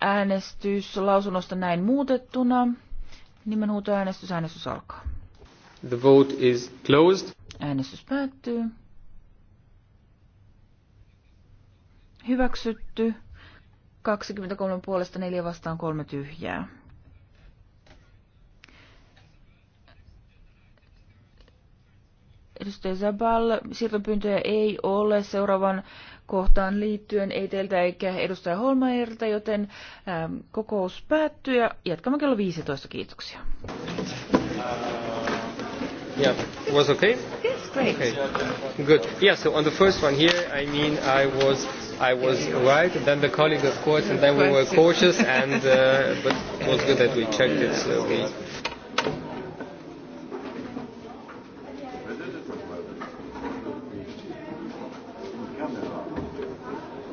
äänestys lausunnosta näin muutettuna. Nimenhuutoäänestys, äänestys alkaa. The vote is closed. Äänestys päättyy. Hyväksytty. 23 puolesta 4 vastaan 3 tyhjää. Edustaja Zabal, siirtopyyntöjä ei ole seuraavan kohtaan liittyen, ei teiltä eikä edustaja Holmaerilta, joten äm, kokous päättyy ja jatkamme kello 15. Kiitoksia. Yeah, was okay? Yes, great. Okay. Good. Yeah, so on the first one here, I mean, I was I was right, then the colleague, of course, and then we were cautious, and uh, but it was good that we checked it, so we